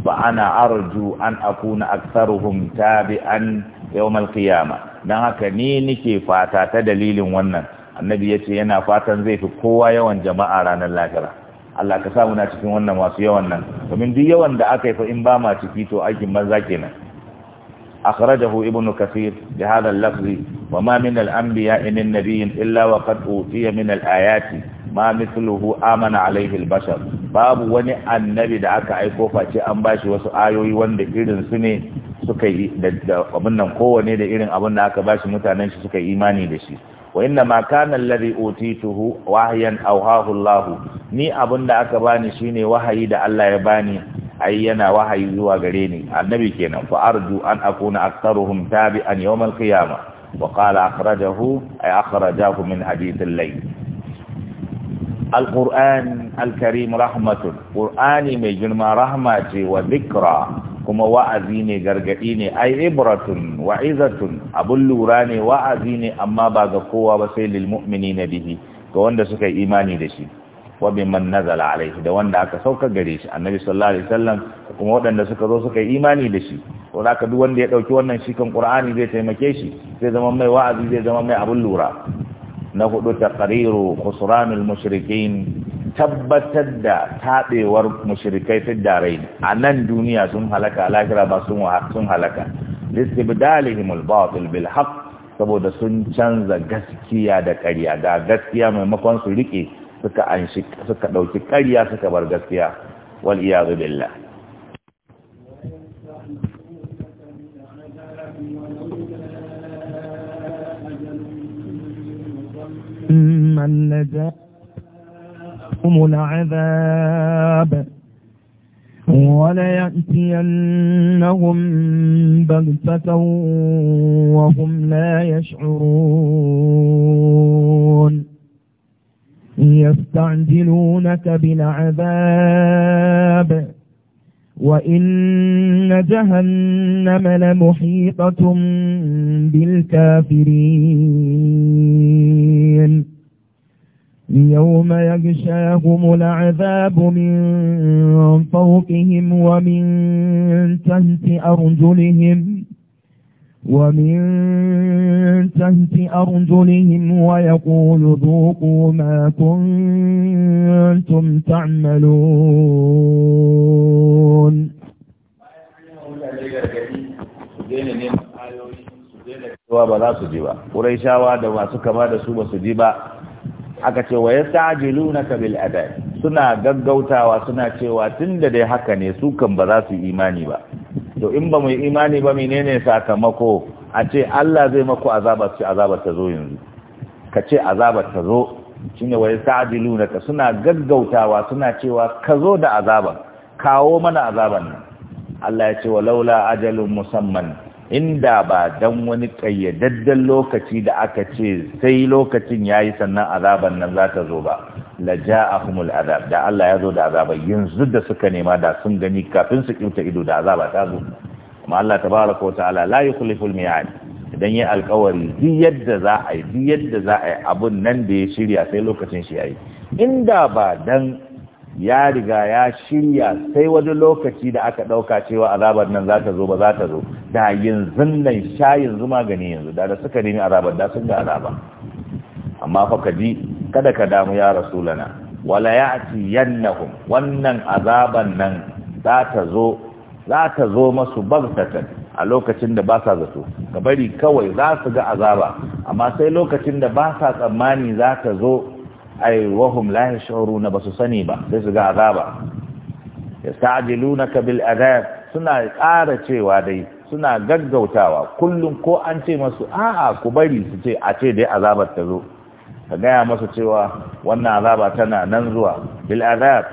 ba ana arju an akuna aktsaruhum tabi'an yawmal qiyama dan haka ni nike fata ta dalilin wannan annabi yace yana fatan zai fi kowa yawan jama'a ranar lahira Allah ka sa muna cikin wannan masu yawan nan domin duk yawan da aka yi fa in ba ma ciki to aikin banza kenan akhrajahu ibnu kathir bi hadha al-lafzi wa ma min al-anbiya'i min nabiyyin illa wa qad utiya min al-ayati ma mithluhu amana alayhi al-bashar babu wani annabi da aka aiko face an bashi wasu ayoyi wanda irin su ne suka yi da abin nan kowane da irin abin da aka bashi mutanen shi suka imani da shi wa inna ma kana alladhi utituhu wahyan awhahu Allah ni aka bani shine wahayi da Allah ya bani ai yana wahayi zuwa gare ni annabi kenan fa arju an akuna aktharuhum tabi'an yawm al-qiyamah wa qala akhrajahu ay akhrajahu min hadith al-layl al-qur'an al-karim rahmatun qur'ani mai girma rahma ce wa dhikra kuma wa'azi ne gargadi ne ai ibratun wa'izatun abun lura ne wa'azi ne amma ba ga kowa ba sai lil na bihi ga wanda suka yi imani da shi wa bimman nazala alaihi da wanda aka sauka gare shi annabi sallallahu alaihi wasallam kuma waɗanda suka zo suka yi imani da shi to zaka duk wanda ya ɗauki wannan shi kan qur'ani zai taimake shi zai zama mai wa'azi zai zama mai abun lura na hudu taqriru khusranul mushrikin tabbatar da taɓewar mushrikai ta darai a nan duniya sun halaka al'akira ba sun sun halaka listibdalihim al-batil saboda sun canza gaskiya da ƙarya ga gaskiya maimakon su rike suka ɗauki suka dauki ƙarya suka bar gaskiya wal iyad billah من لجأهم العذاب وليأتينهم بغتة وهم لا يشعرون يستعجلونك بالعذاب وَإِنَّ جَهَنَّمَ لَمُحِيطَةٌ بِالْكَافِرِينَ يَوْمَ يَغْشَاهُمُ الْعَذَابُ مِنْ فَوْقِهِمْ وَمِنْ تَحْتِ أَرْجُلِهِمْ ومن تهت أرجلهم ويقول ذوقوا ما كنتم تعملون قريشاوا da masu kama da su ba su ji ba aka ce wa na kabil adai suna gaggautawa suna cewa tun da dai haka ne su kan ba za su yi imani ba to in ba mu yi imani ba menene sakamako a ce Allah zai maku azaba ce azaba ta zo yanzu ka ce azaba ta zo shine wa ka? suna gaggautawa suna cewa ka zo da azaba kawo mana azaban nan Allah ya ce wa laula ajalun musamman inda ba dan wani kayyadadden lokaci da aka ce sai lokacin yayi sannan azaban nan za ta zo ba la ja'ahumul azab da Allah ya zo da azaba yanzu da suka nema da sun gani kafin su kinta ido da azaba ta zo amma Allah tabaraka wa ta'ala la yukhliful mi'ad idan yayi alƙawari duk yadda za a yi duk yadda za a yi abun nan da ya shirya sai lokacin shi yayi inda ba dan ya riga ya shirya sai wani lokaci da aka ɗauka cewa azabar nan za ta zo ba za ta zo da yanzu nan sha yanzu magani yanzu da da suka nemi azabar da sun ga azaba amma fa ka ji kada ka damu ya rasulana wala ya'ti yannahum wannan azaban nan za ta zo za ta zo masu bagtatan a lokacin da ba sa zato ka bari kawai za su ga azaba amma sai lokacin da ba sa tsammani za ta zo ai wahum la yashuruna basu sani ba sai su ga azaba yasta'jilunaka bil adab suna ƙara cewa dai suna gaggautawa kullum ko an ce masu a'a ku bari su ce a ce dai azabar ta zo ka gaya masa cewa wannan azaba tana nan zuwa bil adab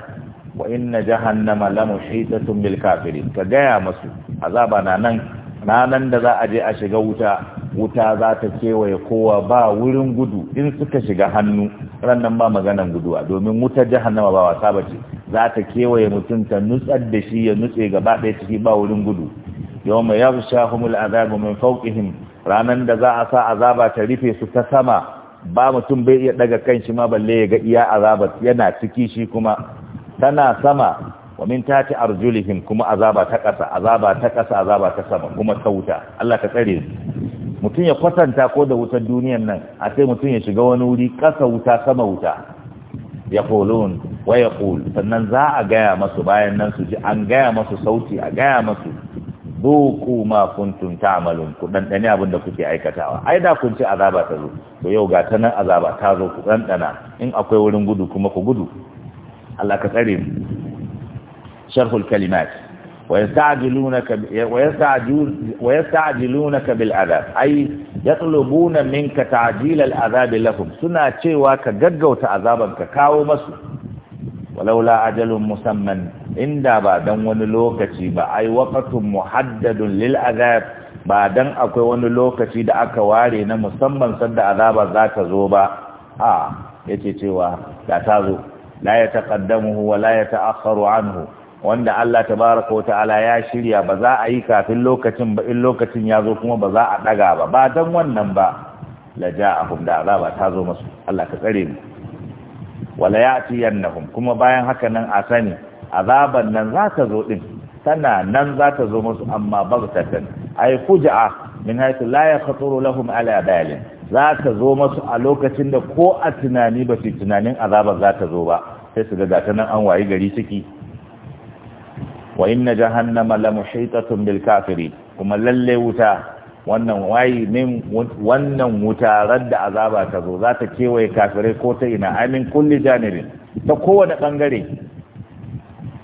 wa inna jahannama la muhitatun bil kafirin ka gaya masu azaba na nan nan da za a je a shiga wuta wuta za ta kewaye kowa ba wurin gudu in suka shiga hannu rannan ba maganan guduwa domin wutar jahannama ba wasa ba ce za ta kewaye mutum ta nutsar da shi ya nutse gaba ɗaya ciki ba wurin gudu yau mai yabu shahumul azabu min fauqihim ranan da za a sa azaba ta rufe su ta sama ba mutum bai iya daga kan shi ma balle ya ga iya azaba yana ciki shi kuma tana sama wa min tati arjulihim kuma azaba ta ƙasa azaba ta ƙasa azaba ta sama kuma ta wuta Allah ka tsare mutum ya kwatanta ko da wutar duniyan nan a sai mutum ya shiga wani wuri ƙasa wuta sama wuta ya kolon wa ya sannan za a gaya masu bayan nan su ji an gaya masu sauti a gaya masu doku ma kuntum ta'malun ku dandane abin da kuke aikatawa ai da kun ci azaba ta zo to yau ga ta nan azaba ta zo ku dandana in akwai wurin gudu kuma ku gudu Allah ka tsare mu sharhul kalimat ويستعجلونك ويستعجلونك بالعذاب اي يطلبون منك تعجيل العذاب لهم Suna cewa ka gaggauta azaban ka kawo masu walaula ajalun musamman inda ba dan wani lokaci ba ai waqtun muhaddadun lil azab ba dan akwai wani lokaci da aka ware na musamman sanda azabar za ta zo ba ya yace cewa da ta zo la yataqaddamu wa la yata'akhkharu anhu wanda Allah Ta tabaraka wata'ala ya shirya ba za a yi kafin lokacin ba in lokacin ya zo kuma ba za a daga ba ba don wannan ba la hum da azaba ta zo masu Allah ka tsare mu wala ya ci hum! kuma bayan haka nan a sani azaban nan za ta zo din tana nan za ta zo masu amma bagtatan ay a min haythu la yakhturu lahum ala balin za ta zo masu a lokacin da ko a tunani ba su tunanin azaban za ta zo ba sai su ga gata nan an wayi gari ciki wa inna jahannama la muhitatun bil kafirin kuma lalle wuta wannan wai min wannan wuta radda azaba ta zo za ta kewaye kafirai ko ta ina amin kulli janibin ta kowane bangare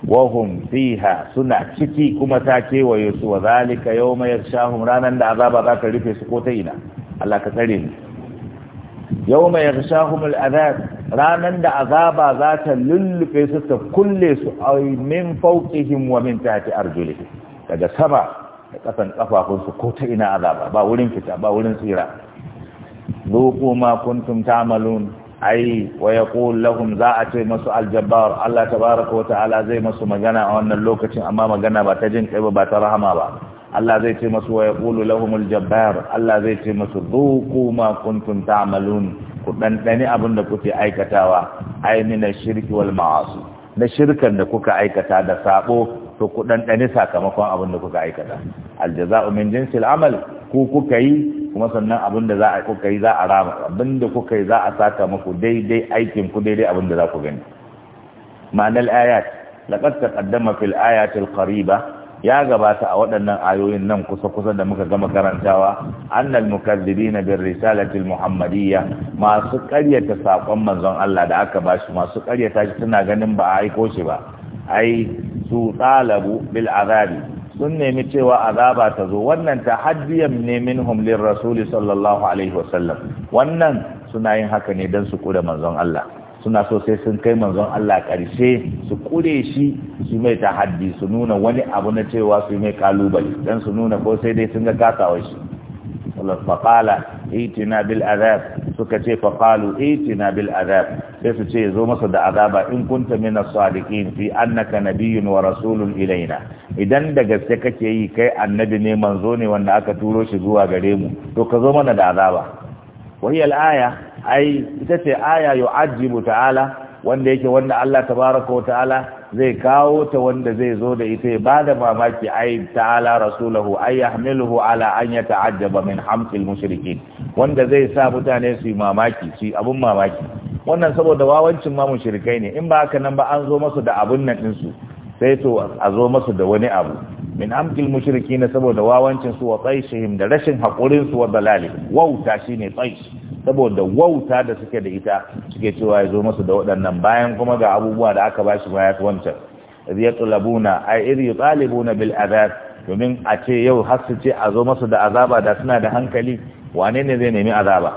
wahum fiha suna ciki kuma ta kewaye su wa zalika yawma yashahum ranan da azaba za ta rufe su ko ta ina Allah ka tsare ni Yau mai yaghshahumul azab ranar da azaba za ta lullufe su ta kulle su min fawqihim wa min tahti arjulihim daga sama da kasan kafafunsu ko ta ina azaba ba wurin fita ba wurin tsira zuqu ma kuntum ta'malun ai wa yaqul lahum za a ce masu aljabbar Allah tabaaraka wa ta'ala zai masu magana a wannan lokacin amma magana ba ta jin kai ba ta rahama ba Allah zai ce masu wa yaqulu lahumul jabbar Allah zai ce masu dhuqu ma kuntum ta'malun ku dandane abin da kuke aikatawa aini na shirki wal na shirkan da kuka aikata da sabo to ku dandane sakamakon abin da kuka aikata aljaza'u min jinsil amal ku kuka yi kuma sannan abin da za a kuka yi za a rama abin da kuka yi za a saka muku daidai aikin ku daidai abin da za ku gani ma'anar ayat laqad taqaddama fil ayati al-qariba ya gabata a waɗannan ayoyin nan kusa-kusa da muka gama karantawa annal mukazzibina bir risalati muhammadiyya masu ƙaryata sakon manzon Allah da aka bashi masu ƙaryata shi suna ganin ba a aiko shi ba ai su talabu bil azabi sun nemi cewa azaba ta zo wannan tahaddiyan ne minhum lir rasul sallallahu alaihi wasallam wannan suna yin haka ne dan su kuda manzon Allah suna so sai sun kai manzon Allah ƙarshe su kure shi su mai tahaddi su nuna wani abu na cewa su mai kalubale dan su nuna ko sai dai sun ga kasawa shi faqala itina bil azab suka ce faqalu itina bil azab sai su ce zo masa da azaba in kunta min as-sadiqin fi annaka nabiyyun wa rasulun ilaina idan da gaske kake yi kai annabi ne manzo ne wanda aka turo shi zuwa gare mu to ka zo mana da azaba al aya ai ita ce aya ajibu ta'ala wanda yake wanda Allah tabaraka wa ta'ala zai kawo ta wanda zai zo da ita ba da mamaki ai ta'ala rasuluhu ay yahmiluhu ala an yata'ajjaba min hamsil mushrikin wanda zai sa mutane su yi mamaki su yi abun mamaki wannan saboda wawancin ma mushrikai ne in ba haka nan ba an zo masu da abun nan din su sai to a zo masu da wani abu min amkil mushrikin saboda wawancin su wa tsaishihim da rashin hakurin su wa dalali wauta shine tsaish saboda wauta da suke da ita suke cewa ya zo masu da waɗannan bayan kuma ga abubuwa da aka bashi ma ya wancan ya tsulabuna a iri ya tsalibuna bil azab domin a ce yau har su ce a zo masu da azaba da suna da hankali wane ne zai nemi azaba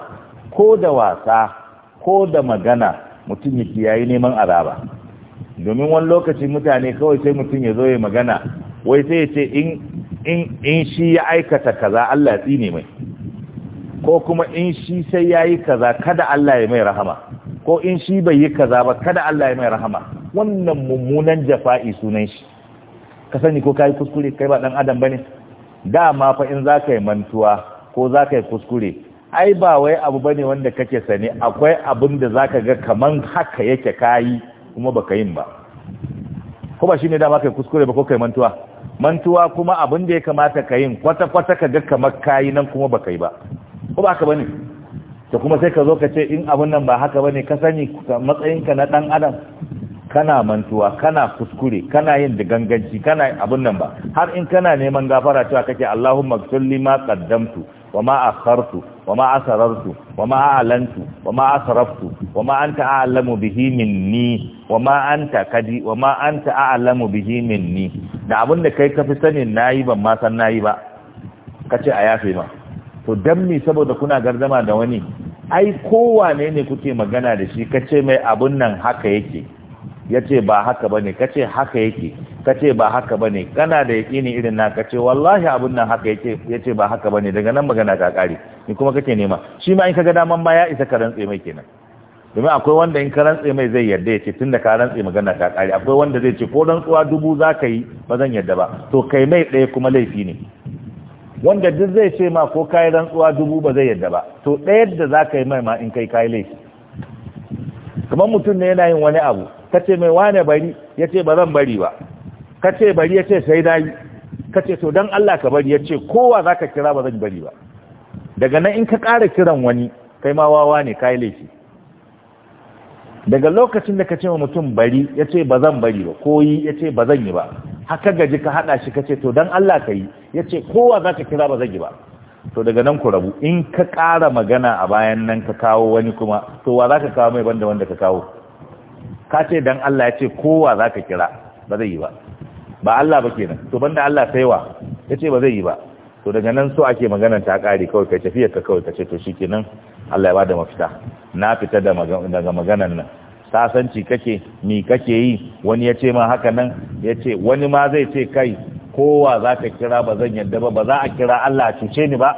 ko da wasa ko da magana mutum ya yi neman azaba domin wani lokaci mutane kawai sai mutum ya zo ya magana wai sai ya ce in shi ya aikata kaza Allah ya tsine mai ko kuma in shi sai ya yi kaza kada Allah ya mai rahama ko in shi bai yi kaza ba kada Allah ya mai rahama wannan mummunan jafa'i sunan shi ka sani ko ka yi kuskure kai ba dan adam ba ne dama fa in za ka yi mantuwa ko za ka yi kuskure ai ba wai abu ba ne wanda kake sani akwai abin da za ga kaman haka yake ka yi kuma ba yin ba ko ba shi ne dama ka kuskure ba ko ka yi mantuwa mantuwa kuma abin da ya kamata ka yin kwata-kwata ka ga kamar ka yi nan kuma ba yi ba ko ba ka bane to kuma sai ka zo ka ce in abun nan ba haka bane ka sani matsayinka na dan adam kana mantuwa kana kuskure kana yin da ganganci kana abun nan ba har in kana neman gafara cewa kake Allahumma salli ma qaddamtu wa ma akhartu wa ma asrartu wa ma alantu wa ma asraftu wa ma anta a'lamu bihi minni wa ma anta kadi wa ma anta a'lamu bihi minni da abun da kai ka fi sanin nayi ban ma san nayi ba kace a yafe ma to dan me saboda kuna gardama da wani ai kowane ne kuke magana da shi kace mai abun nan haka yake yace ba haka bane kace haka yake kace ba haka bane kana da yakini irin na kace wallahi abun nan haka yake yace ba haka bane daga nan magana ka kare ni kuma kake nema shi ma in kaga daman ma ya isa ka rantse mai kenan domin akwai wanda in ka rantse mai zai yarda ya ce ka rantse magana ta kare akwai wanda zai ce ko rantsuwa dubu za ka yi ba zan yarda ba to kai mai ɗaya kuma laifi ne wanda duk zai ce ma ko kayi rantsuwa dubu ba zai yadda ba to ɗaya da za ka yi mai ma in kai kayi laifi kamar mutum ne yana yin wani abu ka ce mai wane bari ya ce ba zan bari ba ka ce bari ya ce sai na yi ka ce to don Allah ka bari ya ce kowa za ka kira ba zan bari ba daga nan in ka ƙara kiran wani kai ma wawa ne kayi laifi daga lokacin da ka ce wa mutum bari ya ce ba zan bari ba ko yi ya ce ba zan yi ba haka gaji ka haɗa shi ka ce to don Allah ka yi ya ce kowa za ka kira ba zan yi ba to daga nan ku rabu in ka ƙara magana a bayan nan ka kawo wani kuma to wa za ka kawo mai banda wanda ka kawo ka ce don Allah ya ce kowa za ka kira ba zai yi ba ba Allah ba kenan to banda Allah sai wa ya ce ba zai yi ba to daga nan so ake maganar ta kare kawai kai tafiyar ka kawai kace ce to shikenan Allah ya bada mafita na fita daga maganar nan sasanci kake ni kake yi wani ya ce ma haka nan ya ce wani ma zai ce kai kowa za ka kira ba zan yadda ba ba za a kira Allah cuce ni ba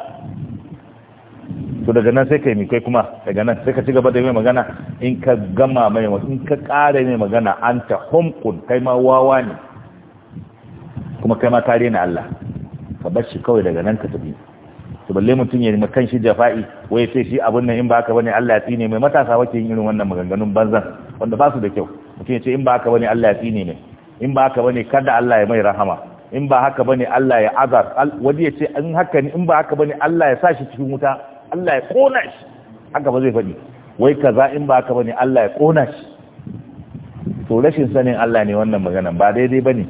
to daga nan sai kai mi kai kuma daga nan sai ka ci gaba da mai magana in ka gama mai in ka kare mai magana an ta kai ma wawa ne kuma kai ma tare ni Allah ka bar shi kawai daga nan ka tafi to balle mutun ya ma kanshi jafa'i wai sai shi abun nan in ba haka bane Allah ya tsine mai matasa wace yin irin wannan maganganun banzan wanda ba su da kyau mutun ya ce in ba haka bane Allah ya tsine mai in ba haka bane kada Allah ya mai rahama in ba haka bane Allah ya azar wani ya ce in haka ne in ba haka bane Allah ya sa shi cikin wuta Allah ya kona shi haka ba zai faɗi wai kaza in ba haka bane Allah ya kona shi to rashin sanin Allah ne wannan maganan ba daidai bane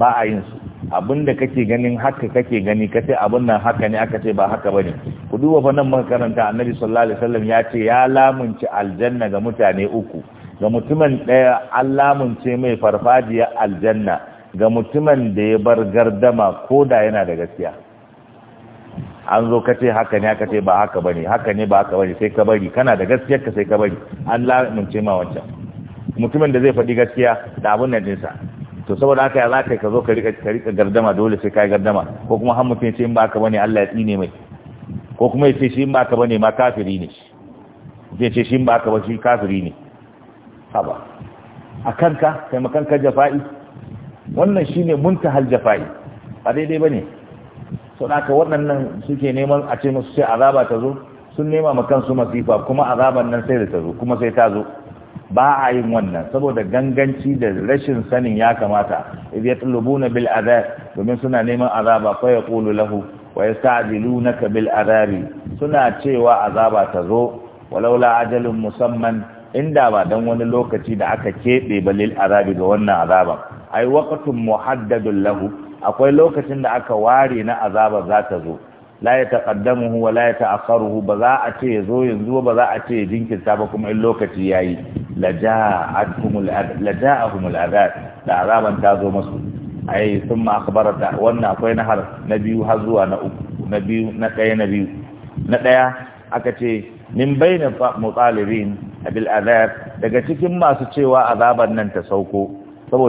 ba a yin su abinda kake ganin haka kake gani ce abin nan haka ne aka ce ba haka bane ku duba fa nan makaranta annabi sallallahu alaihi wasallam ya ce ya lamunci aljanna ga mutane uku ga mutumin daya an lamunce mai farfajiya aljanna ga mutumin da ya bar gardama ko da yana da gaskiya an zo kace haka ne aka ce ba haka bane haka ne ba haka bane sai ka bari kana da gaskiyar ka sai ka bari an lamunce ma wancan mutumin da zai faɗi gaskiya da abin nan dinsa to saboda haka ya zaka ka zo ka rika ka rika gardama dole sai kai gardama ko kuma har mutum ce in ba ka bane Allah ya tsine mai ko kuma yace shi in ba ka bane ma kafiri ne zai ce shi in ba ka ba shi kafiri ne haba a ka kai makan ka jafa'i wannan shine muntahal jafa'i ba daidai bane sau da waɗannan suke neman a ce musu sai azaba ta zo sun nema ma su masifa kuma azaban nan sai da ta zo kuma sai ta zo ba a yin wannan saboda ganganci da rashin sanin ya kamata idh yatlubuna bil adab domin suna neman azaba fa yaqulu lahu wa yasta'dilunaka bil azabi suna cewa azaba ta zo walaula ajalun musamman inda ba dan wani lokaci da aka kebe balil azabi ga wannan azaba ai waqtun muhaddadun lahu akwai lokacin da aka ware na azaba za ta zo la ya wa la ya ba za a ce yazo yanzu ba za a ce jinkirta ba kuma in lokaci yayi laja'ahumul azab da azaban ta zo masu ai sun ma akhbarata wannan akwai na har na biyu har zuwa na uku na biyu na ɗaya na ɗaya aka ce min baina mutalibin bil azab daga cikin masu cewa azabar nan ta sauko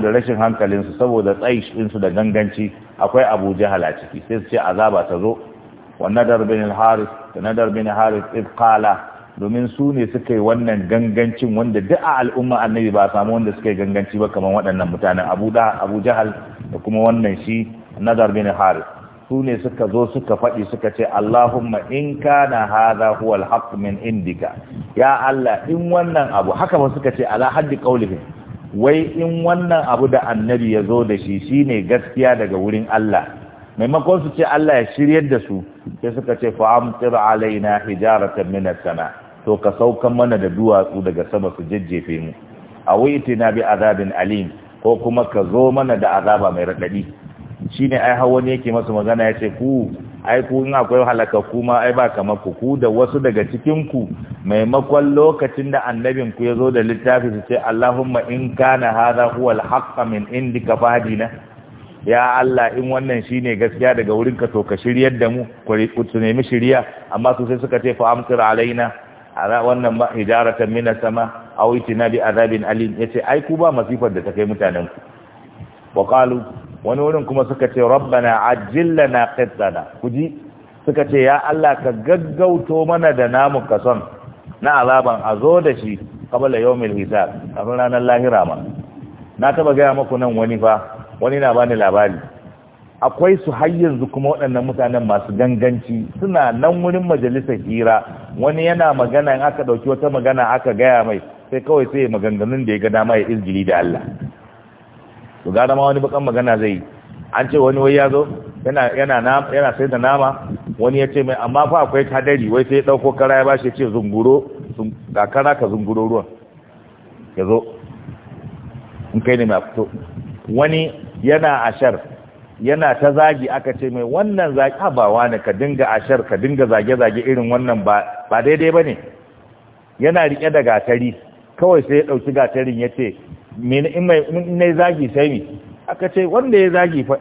da rashin hankalinsu saboda tsayish ɗinsu da ganganci akwai Abuja jahal a ciki sai su ce azaba ta zo wa nadar bin da nadar bin haris ibqala domin su ne suka yi wannan gangancin wanda duk a al'umma annabi ba samu wanda suka yi ganganci ba kamar waɗannan mutanen abu da abu jahal da kuma wannan shi nazar bin harith su ne suka zo suka faɗi suka ce Allahumma in kana hadha huwa al min indika ya Allah in wannan abu haka ba suka ce ala haddi qawlihi wai in wannan abu da annabi ya zo da shi shine gaskiya daga wurin Allah maimakon su ce Allah ya shiryar da su sai suka ce fa alaina hijaratan minas sama' to ka saukan mana da duwatsu daga sama su jajjefe mu a waiti na bi azabin alim ko kuma ka zo mana da azaba mai raɗaɗi shine ai hawa ne yake masu magana ya ce ku ai ku in akwai halaka kuma ai ba kamar ku ku da wasu daga cikin ku maimakon lokacin da annabin ku zo da littafi su ce Allahumma in kana hadha huwa alhaqqa min indika fadina ya Allah in wannan shine gaskiya daga wurinka to ka shiryar da mu ku nemi shiriya amma su sai suka ce fa amtir alaina wannan ba hijaratan min sama aw itina bi azabin alim yace ai ku ba masifar da ta kai mutanen ku wa qalu wani wurin kuma suka ce rabbana ajil lana qittana kuji suka ce ya Allah ka gaggauto mana da namu ka son na azaban a zo da shi kabala yawmil hisab kafin ranar lahira ma na taba gaya maku nan wani fa wani na bani labari akwai su har yanzu kuma waɗannan mutanen masu ganganci suna nan wurin majalisar hira wani yana magana in aka ɗauki wata magana aka gaya mai sai kawai sai ya maganganun da ya ga dama ya izgili da Allah to gara ma wani bakan magana zai yi an ce wani wai ya zo yana yana yana sai da nama wani ya ce mai amma fa akwai kadari wai sai ya ɗauko kara ya bashi ya ce zunguro ga kara ka zunguro ruwan ya zo in kai ne mai fito wani yana ashar yana ta zagi aka ce mai wannan zagi ba wani ka dinga ashar ka dinga zage-zage irin wannan ba ba daidai ba ne yana riƙe da gatari kawai sai ya ɗauki gatarin ya ce in mai zagi sai mi aka ce wanda ya zagi fa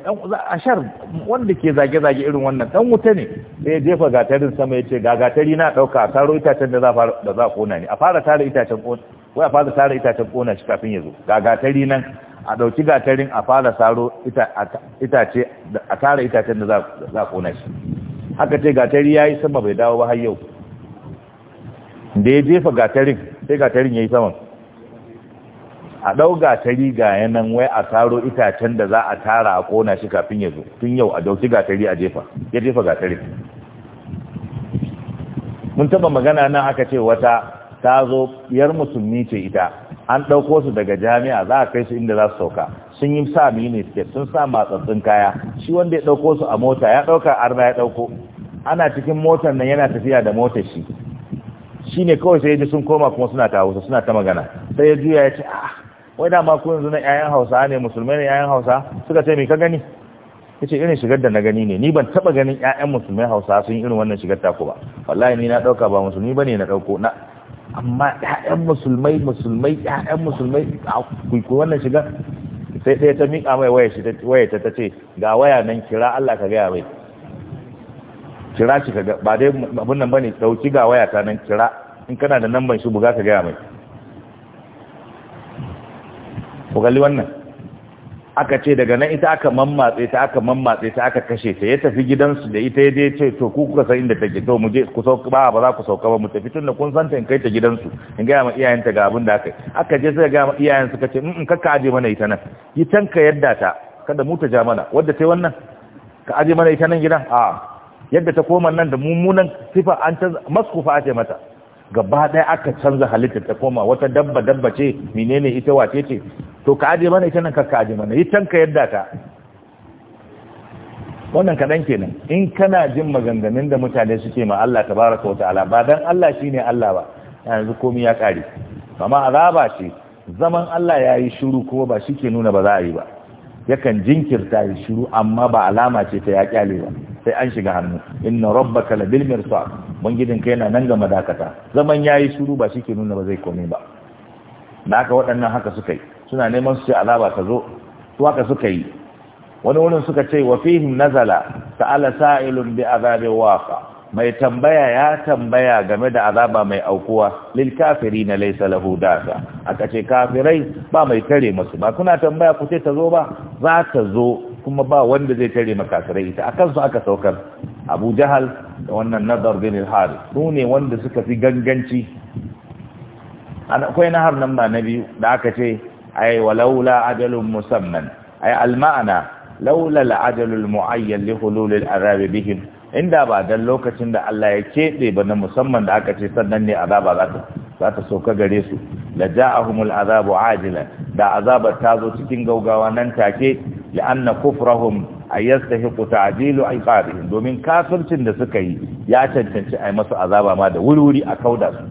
ashar wanda ke zage-zage irin wannan ɗan wuta ne sai ya jefa gatarin sama ya ce ga gatari na ɗauka a taro itacen da za a kona ne a fara tara itacen kona wai a fara tara itacen kona shi kafin ya zo ga gatari nan a ɗauki gatarin a fara saro itace a tara itacen da za a ƙona shi haka ce gatari ya yi sama bai dawo ba har yau da ya jefa gatarin sai gatarin ya yi saman a ɗau gatari ga yanan wai a saro itacen da za a tara a ƙona shi kafin ya zo tun yau a ɗauki gatari a jefa ya jefa gatarin mun taɓa magana nan aka ce wata ta zo yar musulmi ce ita an ɗauko su daga jami'a za a kai su inda za su sauka sun yi sa miniskate sun sa matsatsun kaya shi wanda ya ɗauko su a mota ya ɗauka arna ya ɗauko ana cikin motar nan yana tafiya da motar shi shi ne kawai sai ya sun koma kuma suna ta hausa suna ta magana sai ya juya ya ce a ah, wai dama ku yanzu na 'ya'yan hausa ne musulmai ne 'ya'yan hausa suka ce me ka gani ya ce irin shigar da na gani ne ni ban taba ganin 'ya'yan musulmai hausa sun yi irin wannan shigar ta ku ba wallahi ni na ɗauka ba musulmi ba ne na ɗauko na amma ƴaƴan musulmai musulmai ƴaƴan musulmai ku wannan shiga sai sai ta miƙa mai waya shi waya ta tace ga waya nan kira Allah ka gaya mai kira shi ka ba dai abun nan bane dauki ga waya ta nan kira in kana da namban shi buga ka gaya mai ku gali wannan aka ce daga nan ita aka mammatse ta aka mammatse ta aka kashe ta ya tafi gidansu da ita ya je ce to ku kuka san inda take to mu je ku sauka ba ba za ku sauka ba mu tafi tunda kun san ta in kai ta gidansu in ga ma iyayen ta ga abin da aka aka je sai ga ma iyayen suka ce in kakka aje mana ita nan yi tanka yadda ta kada mu ta ja mana wadda tai wannan ka aje mana ita nan gidan a yadda ta koma nan da mummunan sifa an ta maskufa ce mata gaba ɗaya aka canza halittar ta koma wata dabba dabba ce menene ita wace ce to ka aje mana ita nan ka aje mana yi can yadda ta wannan kaɗan kenan in kana jin maganganun da mutane suke ma Allah ta ta wata'ala ba dan Allah shi ne Allah ba yanzu komai ya kare amma azaba ce zaman Allah ya yi shiru kuma ba shi ke nuna ba za a yi ba yakan jinkirta ya shiru amma ba alama ce ta ya kyale ba sai an shiga hannu inna rabbaka labil mirsad bangijin kai yana nan ga madakata zaman yayi shiru ba shi ke nuna ba zai komai ba da haka waɗannan haka suka yi suna neman su ce azaba ka zo su haka suka yi wani wurin suka ce wa fihim nazala ta'ala sa'ilun bi azabi waqa mai tambaya ya tambaya game da azaba mai aukuwa lil kafirin laysa lahu dafa aka ce kafirai ba mai tare musu ba kuna tambaya ku ce ta zo ba za ta zo kuma ba wanda zai tare makasirai ita a kansu aka saukar abu jahal da wannan nazar bin al su ne wanda suka fi ganganci akwai nahar nan ba na biyu da aka ce ai Laula ajalun musamman ai alma'ana laula al-ajalul mu'ayyan li hulul al bihim inda ba dan lokacin da Allah ya kebe ba na musamman da aka ce sannan ne azaba za ta za ta soka gare su la ja'ahumul azabu ajilan da azabar ta zo cikin gaugawa nan take لأن كفرهم أن يستحق تعجيل عقابهم domin kafircin da suka yi ya cancanci ai masu azaba ma da wuri wuri a kauda su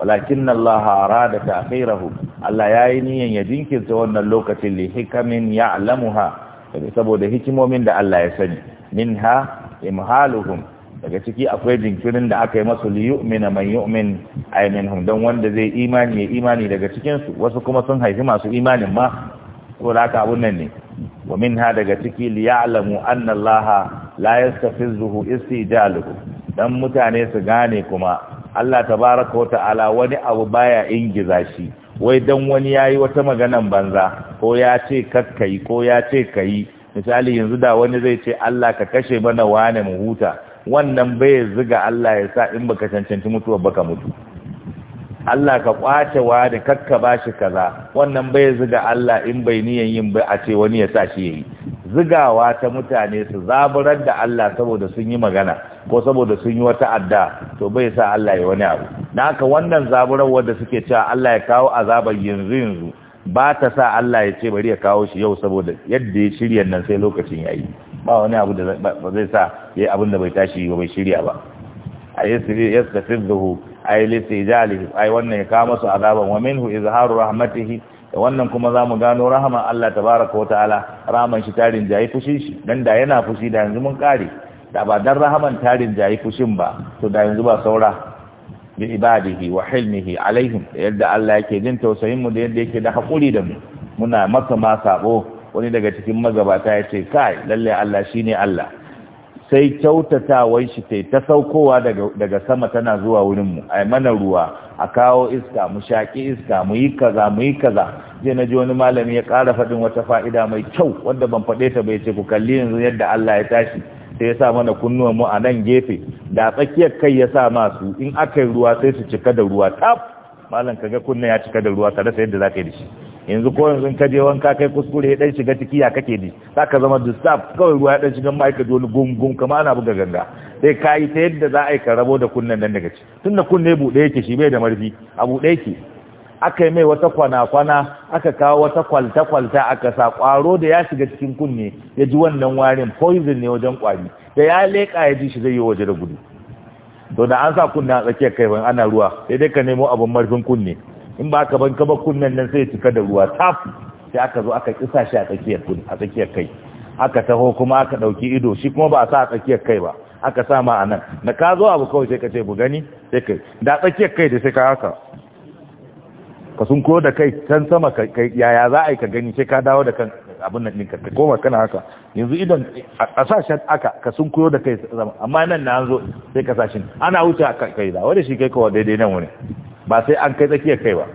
walakin Allah arada ta'khirahu Allah yayi niyan ya jinkirta wannan lokacin li hikamin ya'lamuha saboda hikimomin da Allah ya sani minha imhaluhum daga ciki akwai jinkirin da aka yi masu li yu'mina man yu'min ay minhum dan wanda zai imani ya imani daga cikin su wasu kuma sun haifi masu imanin ma ko da abun nan ne wa minha daga ciki li ya'lamu anna dan mutane su gane kuma Allah baraka wa ta'ala wani abu baya ingiza shi wai dan wani yayi wata maganan banza ko ya ce kakkai ko ya ce kai misali yanzu da wani zai ce Allah ka kashe mana wane mu huta wannan bai ziga Allah ya sa in baka cancanci mutuwa baka mutu Allah ka kwace wa da kakka ba shi kaza wannan bai ziga Allah in bai niyan yin ba a ce wani ya sa shi yayi zigawa ta mutane su zaburar da Allah saboda sun yi magana ko saboda sun yi wata adda to bai sa Allah ya wani abu na haka wannan zaburar wanda suke cewa Allah ya kawo azabar yanzu yanzu ba ta sa Allah ya ce bari ya kawo shi yau saboda yadda ya shirya nan sai lokacin yayi ba wani abu da zai sa yayi abin da bai tashi ba bai shirya ba a ay listijalihim ay wannan ya kama su azaban wa minhu izharu rahmatihi da wannan kuma zamu gano rahama Allah tabaraka wa ta'ala rahaman shi tarin jayi fushin shi dan da yana fushi da yanzu mun kare da ba dan rahaman tarin jayi fushin ba to da yanzu ba saura bi ibadihi wa hilmihi alaihim yadda Allah yake jin tausayin mu da yadda yake da hakuri da mu muna masa ma sabo wani daga cikin magabata ya ce kai lalle Allah shine Allah sai kyautata kyautatawar shi ta ta saukowa daga sama tana zuwa wurinmu a mana ruwa a kawo iska mu shaƙi iska mu yi kaza mu yi kaza je na ji wani malami ya ƙara faɗin wata fa'ida mai kyau wanda ban faɗe ta bai ce ku kalli yanzu yadda Allah ya tashi sai ya sa mana kunnuwan mu a nan gefe da tsakiyar kai ya sa masu in aka yi ruwa sai su cika da ruwa tab malam kaga kunna ya cika da ruwa tare sai yadda zaka yi da shi yanzu ko yanzu ka je wanka kai kuskure ya dan shiga ciki ya kake ji zaka zama disturb kawai ruwa ya dan shiga mai ka dole gungun kama ana buga ganga sai kai ta yadda za a yi ka rabo da kunnen nan daga ci tunda kunne bude yake shi bai da marfi a bude yake aka yi mai wata kwana-kwana aka kawo wata kwalta-kwalta aka sa kwaro da ya shiga cikin kunne ya ji wannan warin poison ne wajen kwari da ya leƙa ya ji shi zai yi waje da gudu to da an sa kunne a tsakiyar kai ana ruwa sai dai ka nemo abin marfin kunne in ba ka ban ba kunnen nan sai cika da ruwa taf sai aka zo aka kisa shi a tsakiyar kun a tsakiyar kai aka taho kuma aka dauki ido shi kuma ba a sa a tsakiyar kai ba aka sa ma anan da ka zo abu kawai sai ka ce bu gani sai kai da tsakiyar kai da sai ka haka ka sun ko da kai can sama kai yaya za a yi ka gani sai ka dawo da kan abin nan ɗinka ka koma kana haka yanzu idan a sa shi aka ka sun koyo da kai zama amma nan na zo sai ka shi ana wuce a kai da wanda shi kai kawai daidai nan wani ba sai an kai tsakiyar kai ba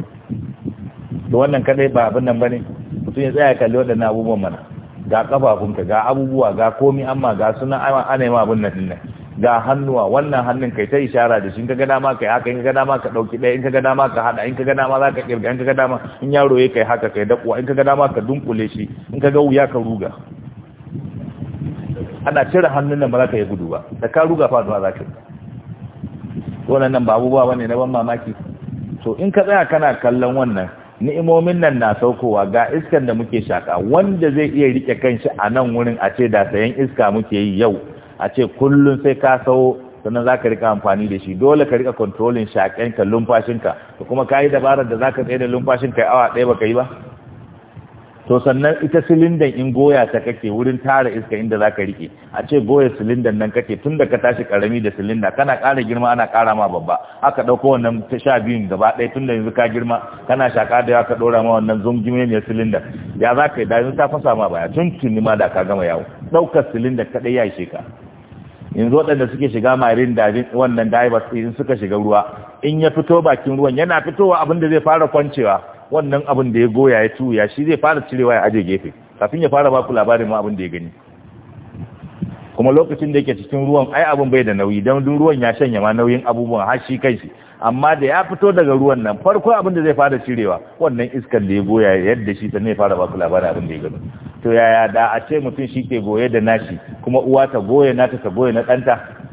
da wannan kadai ba abin nan bane mutum ya tsaya kalli waɗannan abubuwan mana ga kafafunka ga abubuwa ga komi amma ga suna ana yi ma abin nan din ga hannuwa wannan hannun kai ta ishara da shi in ka ga dama kai haka in ka ga dama ka dauki ɗaya in ka ga dama ka hada in ka ga dama za ka kirga in ka ga dama in yaro ya kai haka kai dakuwa in ka ga dama ka dunkule shi in ka ga wuya ka ruga ana cire hannun nan ba za ka yi gudu ba da ka ruga ba za ka yi wannan nan ba abubuwa bane na ban mamaki to in ka tsaya kana kallon wannan ni'imomin nan na saukowa ga iskan da muke shaka wanda zai iya rike kanshi a nan wurin a ce da sayan iska muke yi yau a ce kullum sai ka sau sannan za ka rika amfani da shi dole ka rika kontrolin shaƙenka lumfashinka to kuma ka yi dabarar da za ka tsaye da lumfashinka awa ɗaya ba ka yi ba to sannan ita silindan in goya ta kake wurin tara iska inda za ka rike a ce goya silindan nan kake tunda ka tashi karami da silinda kana ƙara girma ana ƙara ma babba aka ɗauko wannan ta sha biyun gaba ɗaya tunda yanzu ka girma kana shaka da yawa ka ɗora ma wannan zungime ne silindan ya za ka yi da yanzu ta fasa ma baya tun tuni ma da ka gama yawo ɗaukar silindan kaɗai ya ishe ka yanzu waɗanda suke shiga marin da wannan daibas in suka shiga ruwa in ya fito bakin ruwan yana fitowa abin da zai fara kwancewa wannan abin da ya goya ya tuya shi zai fara cirewa ya aje gefe kafin ya fara baku labarin ma abin da ya gani kuma lokacin da yake cikin ruwan ai abin bai da nauyi don duk ruwan ya shanya ma nauyin abubuwan har shi shi amma da ya fito daga ruwan nan farko abin da zai fara cirewa wannan iskar da ya goya yadda shi sannan ya fara baku labarin abin da ya gani to yaya da a ce mutum shi ke goye da nashi kuma uwa ta goye nata ta goye na ɗanta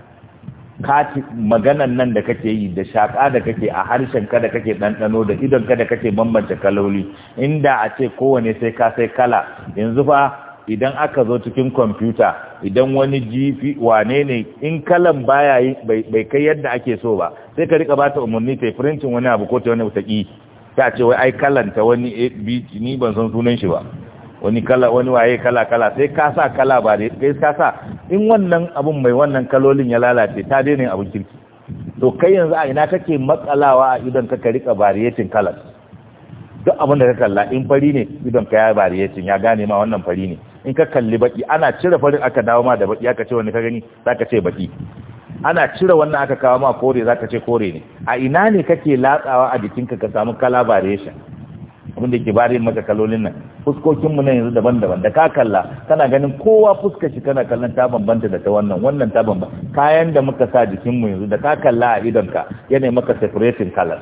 kati maganan nan da kake yi da shaka da kake a harshen ka da kake ɗanɗano da idon ka da kake bambance kaloli inda a ce kowane sai ka sai kala yanzu fa idan aka zo cikin kwamfuta idan wani jifi wane ne in kalan baya yi bai kai yadda ake so ba sai ka rika bata umarni ta printin wani abu ko ta wani wata ki ta ce wai ai kalanta wani ni ban san sunan shi ba wani kala wani waye kala kala sai ka sa kala ba dai kai ka sa in wannan abun mai wannan kalolin ya lalace ta daina abun kirki to kai yanzu a ina kake matsalawa a idan ka rika variyetin kalar duk abin da ka kalla in fari ne idan ka ya variyetin ya gane ma wannan fari ne in ka kalli baki ana cire farin aka dawo ma da baki aka ce wani ka gani zaka ce baki ana cire wannan aka kawo ma kore zaka ce kore ne a ina ne kake latsawa a jikinka ka samu kala variation abin da ke bari maka kalolin nan fuskokin na yanzu daban-daban da ka kalla kana ganin kowa fuska shi kana kallon ta bambanta da ta wannan wannan ta bambanta kayan da muka sa jikin mu yanzu da ka kalla a idon ka yana maka separating color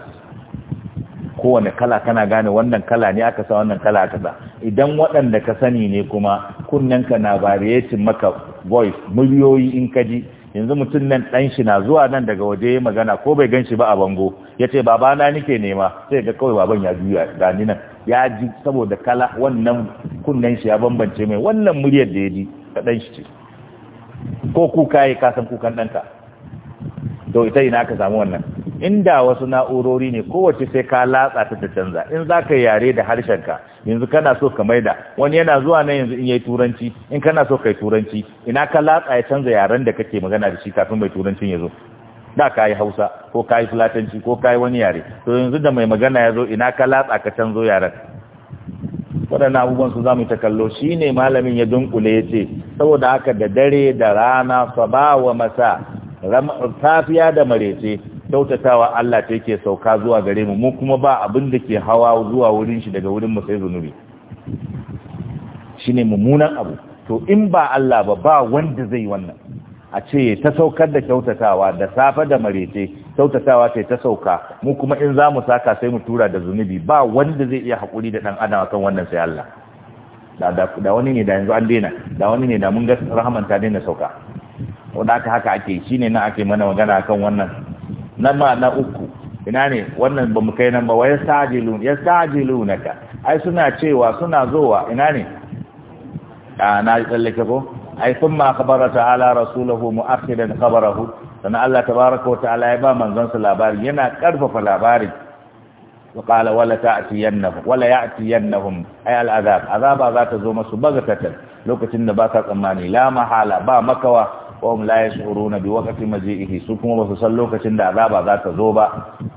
kowane kala kana gane wannan kala ne aka sa wannan kala aka sa idan waɗanda ka sani ne kuma kunnen ka na variation maka voice muryoyi in ka ji yanzu mutum nan ɗan shi na zuwa nan daga waje magana ko bai gan shi ba a bango ya ce babana nike nema sai ga kawai baban ya juya gani nan ya ji saboda kala wannan kunnen shi ya bambance mai wannan muryar da ya ji ta ɗan shi ce ko kuka ya kasan kukan ɗanka to ita ina ka samu wannan inda wasu na'urori ne kowace sai ka latsa ta ta canza in za ka yare da harshen ka yanzu kana so ka maida wani yana zuwa nan yanzu in yayi turanci in kana so kai turanci ina ka latsa ya canza yaren da kake magana da shi kafin mai turancin ya zo da ka yi hausa ko ka yi fulatanci ko ka yi wani yare to yanzu da mai magana ya zo ina ka latsa ka canzo yaren waɗannan abubuwan su za mu ta kallo shi ne malamin ya dunkule ya ce saboda haka da dare da rana fa ba wa masa safiya da marece kyautatawa Allah ta yake sauka zuwa gare mu mu kuma ba abin da ke hawa zuwa wurin shi daga wurin mu sai zunubi shine mummunan abu to in ba Allah ba ba wanda zai wannan a ce ta saukar da kyautatawa da safa da marece kyautatawa ce ta sauka mu kuma in za mu saka sai mu tura da zunubi ba wanda zai iya haƙuri da dan adam akan wannan sai Allah da wani ne da yanzu an daina da wani ne da mun ga rahaman ta daina sauka wadata haka ake shi ne na ake mana magana kan wannan na ma na uku ina ne wannan ba mu kai nan ba wai sajilun ya ka ai suna cewa suna zowa ina ne a na tsallake ko ai sun ma khabara ta'ala rasulahu mu'akhidan khabarahu sana Allah tabaraka wa ta'ala ya ba manzon su labari yana karfafa labari wa qala wala ta'tiyannahum wala ya'tiyannahum ay al'azab azaba za ta zo masu bagatatan lokacin da ba ka tsammani la mahala ba makawa wa hum la yashuruna bi waqti maji'ihi su kuma ba su san lokacin da azaba za ta zo ba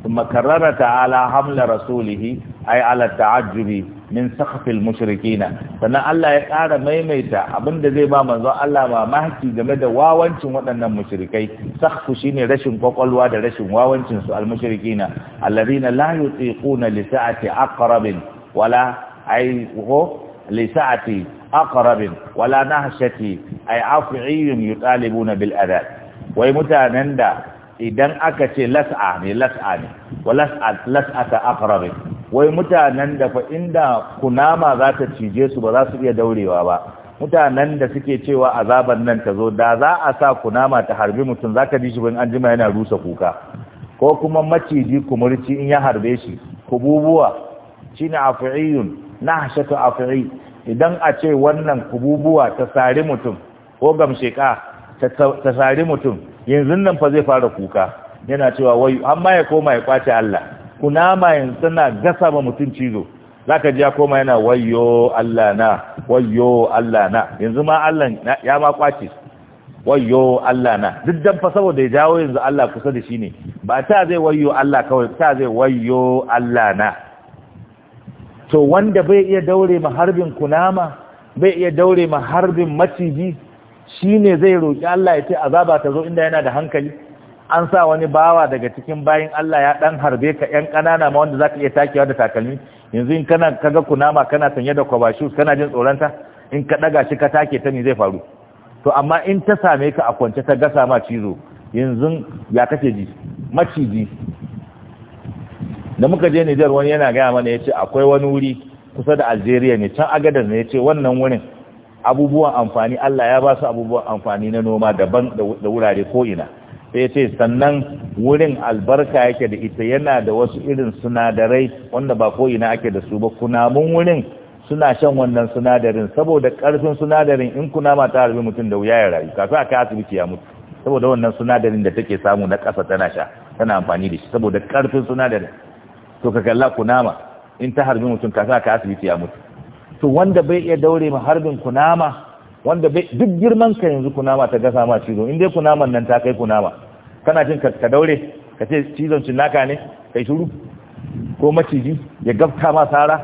kuma karrara ta'ala hamla rasulihi ay ala ta'ajjubi min sakhfil mushrikina sannan Allah ya ƙara maimaita abinda zai ba manzo Allah ba mahaki game da wawancin waɗannan mushrikai sakhfu shine rashin kwakwalwa da rashin wawancin su al mushrikina alladhina la yutiquna li sa'ati aqrabin wala ay li sa'ati aqrabin wala nahshati ay af'iyyun yutalibuna bil adab wai mutanen da idan aka ce las'a ne las'a ne wa las'a las'ata aqrabin wai mutanen da fa inda kunama za ta cije su ba za su iya daurewa ba mutanen da suke cewa azaban nan ta zo da za a sa kunama ta harbi mutum zaka ji shi bin anjima yana rusa kuka ko kuma maciji kumurci in ya harbe shi kububuwa shine afi'iyun nahshatu afi'i idan a ce wannan kububuwa ta sari mutum ko gamsheka ta sari mutum yanzu nan fa zai fara kuka yana cewa wai, amma ya koma ya kwace Allah kunama yanzu tana gasa ma mutum cizo zaka ji ya koma yana wayo Allah na wayo Allah na yanzu ma Allah ya ma kwace wayo Allah na duk dan fa saboda ya jawo yanzu Allah kusa da shi ne ba ta zai wayo Allah kawai ta zai wayo Allah na to wanda bai iya daure ma harbin kunama bai iya daure ma harbin maciji ne zai roki Allah ya ce azaba ta zo inda yana da hankali an sa wani bawa daga cikin bayin Allah ya ɗan harbe ka yan kanana ma wanda zaka iya takewa da takalmi yanzu in kana kaga kunama kana sanye da kwabashu kana jin tsoranta in ka daga shi ka take ta ne zai faru to amma in ta same ka a kwance ta gasa ma cizo yanzu ya kace ji maciji da muka je Nijar wani yana gaya mana ya ce akwai wani wuri kusa da Algeria ne can agadar ne ya ce wannan wurin abubuwan amfani Allah ya ba su abubuwan amfani na noma daban da wurare ko'ina, ina sai ya ce sannan wurin albarka yake da ita yana da wasu irin sinadarai wanda ba ko'ina ake da su ba kunamun wurin suna shan wannan sinadarin saboda karfin sinadarin in kunama ta harbi mutum da wuya ya rayu kafin a kai asibiti ya mutu saboda wannan sinadarin da take samu na ƙasa tana sha tana amfani da shi saboda karfin sinadarin to ka kalla kunama in ta harbi mutum ka sa ka asibiti ya mutu to wanda bai iya daure ma harbin kunama wanda bai duk girman ka yanzu kunama ta gasa ma cizo in dai kunaman nan ta kai kunama kana jin ka daure ka ce cizon cin naka ne kai shuru ko maciji ya gafta ma sara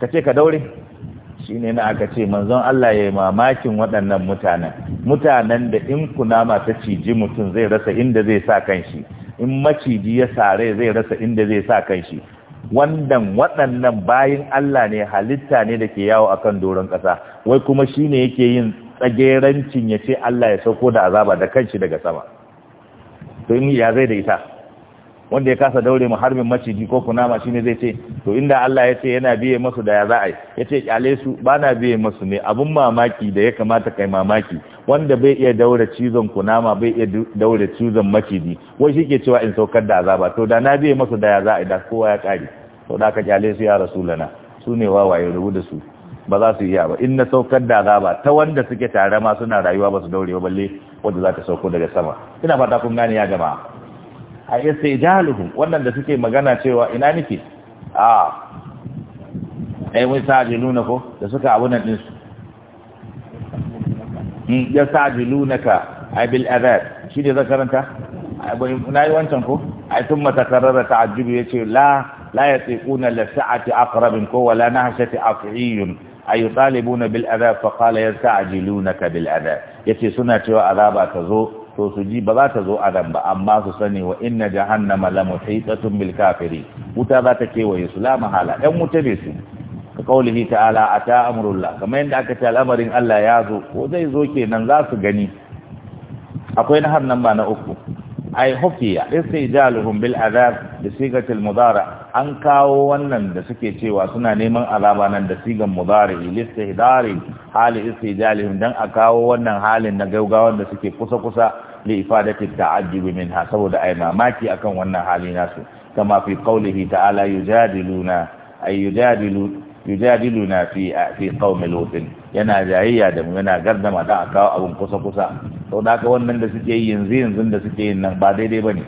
ka ce ka daure shi ne na aka ce manzon Allah ya yi mamakin waɗannan mutanen mutanen da in kunama ta ciji mutum zai rasa inda zai sa kanshi. shi in maciji ya sare zai rasa inda zai sa kanshi wannan waɗannan bayin Allah ne halitta ne da ke yawo akan doron ƙasa wai kuma shi ne yake yin tsagerancin ya ce Allah ya sauko da azaba da kanshi daga sama to in ya zai da ita wanda ya kasa daure mu harbin maciji ko kunama ne zai ce to inda Allah ya ce yana biye masu da ya za ya ce kyale su ba na biye masu ne abin mamaki da ya kamata kai mamaki wanda bai iya daura cizon kunama bai iya daura cizon maciji wai shi ke cewa in saukar da azaba to da na biye masu da ya za a da kowa ya kari to da aka kyale su ya rasulana su ne wawaye rubu da su ba za su iya ba in na saukar da azaba ta wanda suke tare ma suna rayuwa ba su daure ba balle wanda za ta sauko daga sama ina fata kun gane ya jama'a a istijaluhum wannan da suke magana cewa ina nake a ah. ai eh, wai sa nuna ko da suka abunan din su yasabilunaka ay bil adab shi ne zakaranta na yi wancan ko ai tun matakarrara ta'ajjubi yace la la yatiquna la sa'ati aqrabin ko wala nahshati afiyun ay talibuna bil adab fa qala lunaka bil adab yace suna cewa azaba ta zo to su ji ba za ta zo a ba amma su sani wa inna jahannama la muhitatun bil kafiri wuta za ta kewaye su la mahala ɗan wuta bai su ka kaulihi ta'ala ta amurullah kamar yadda aka ce al'amarin Allah ya zo ko zai zo kenan za su gani akwai nahar nan ba na uku ai hukiya istijaluhum bil azab da sigatil mudara an kawo wannan da suke cewa suna neman azaba nan da sigan mudari listihdari hali istijalihim dan a kawo wannan halin na gaugawan da suke kusa kusa li ifadati ta'ajjub minha saboda ai mamaki akan wannan hali nasu kama fi qawlihi ta'ala yujadiluna ay yujadilu yujadiluna fi fi qaumi lutin yana jayayya da mu yana gardama da aka abun kusa kusa to da ka wannan da suke yi yanzu yanzu da suke yin nan ba daidai bane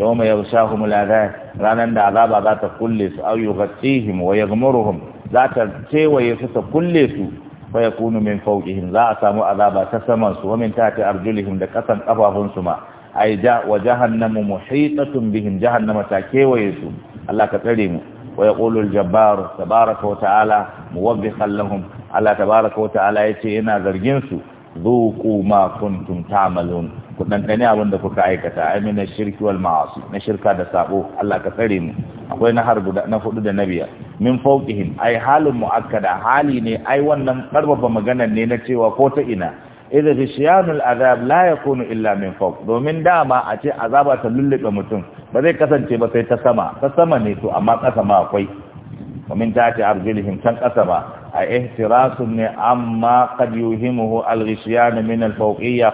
yawma yabshahum al'adab ranan da azaba za ta kulle su aw yughattihim wa yaghmuruhum za ta kewaye su ta kulle su fa yakunu min fawqihim za a samu azaba ta saman su wa min tahti arjulihim da kasan kafafun su ma ai ja wa jahannamu muhitatun bihim jahannama ta kewaye su Allah ka tsare mu ويقول الجبار تبارك وتعالى موبخا لهم الله تبارك وتعالى يتي إنا ذرجنسو ذوقوا ما كنتم تعملون كنتم تنيا وندكو كعيكة من الشرك والمعاصي نشركا دسابو الله كثيرين akwai na harbu na hudu da nabiya min fawqihim ai halin muakkada hali ne ai wannan karbaba magana ne na cewa ko ta ina idan rishiyanul azab la yakunu illa min fawq domin dama a ce azaba ta lullube mutum ba zai kasance ba sai ta sama ta sama ne to amma kasa ma akwai ومن تحت أرجلهم kasa ba. a ihtirasun ne amma qad yuhimuhu al-ghishyan min al-fawqiyya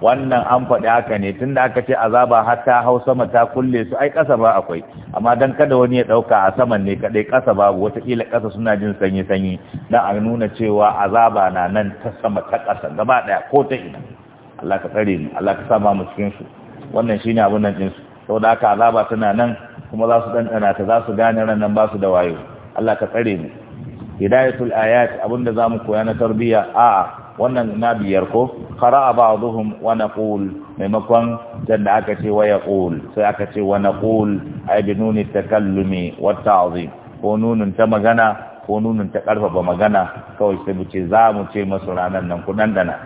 wannan an faɗi haka ne tunda aka ce azaba har ta hau sama ta kulle su ai ƙasa ba akwai amma dan kada wani ya ɗauka a saman ne kaɗai ƙasa babu watakila ƙasa suna jin sanyi-sanyi dan a nuna cewa azaba na nan ta sama ta ƙasa gaba ɗaya ko ta ina Allah ka tsare mu Allah ka sa mu cikin su wannan shine abun nan ɗinsu saboda haka azaba tana nan kuma za su ɗanɗana ta za su gane ran nan ba su da wayo Allah ka tsare mu hidayatul ayat abinda zamu koya na tarbiya a wannan na biyar ko qara'a ba'dhum wa naqul maimakon da aka ce wa yaqul sai aka ce wa naqul ay bi nun takallumi wa ta'zim ko nunun ta magana ko nunun ta karfafa magana kawai sai mu ce ce masu ranar nan ku dandana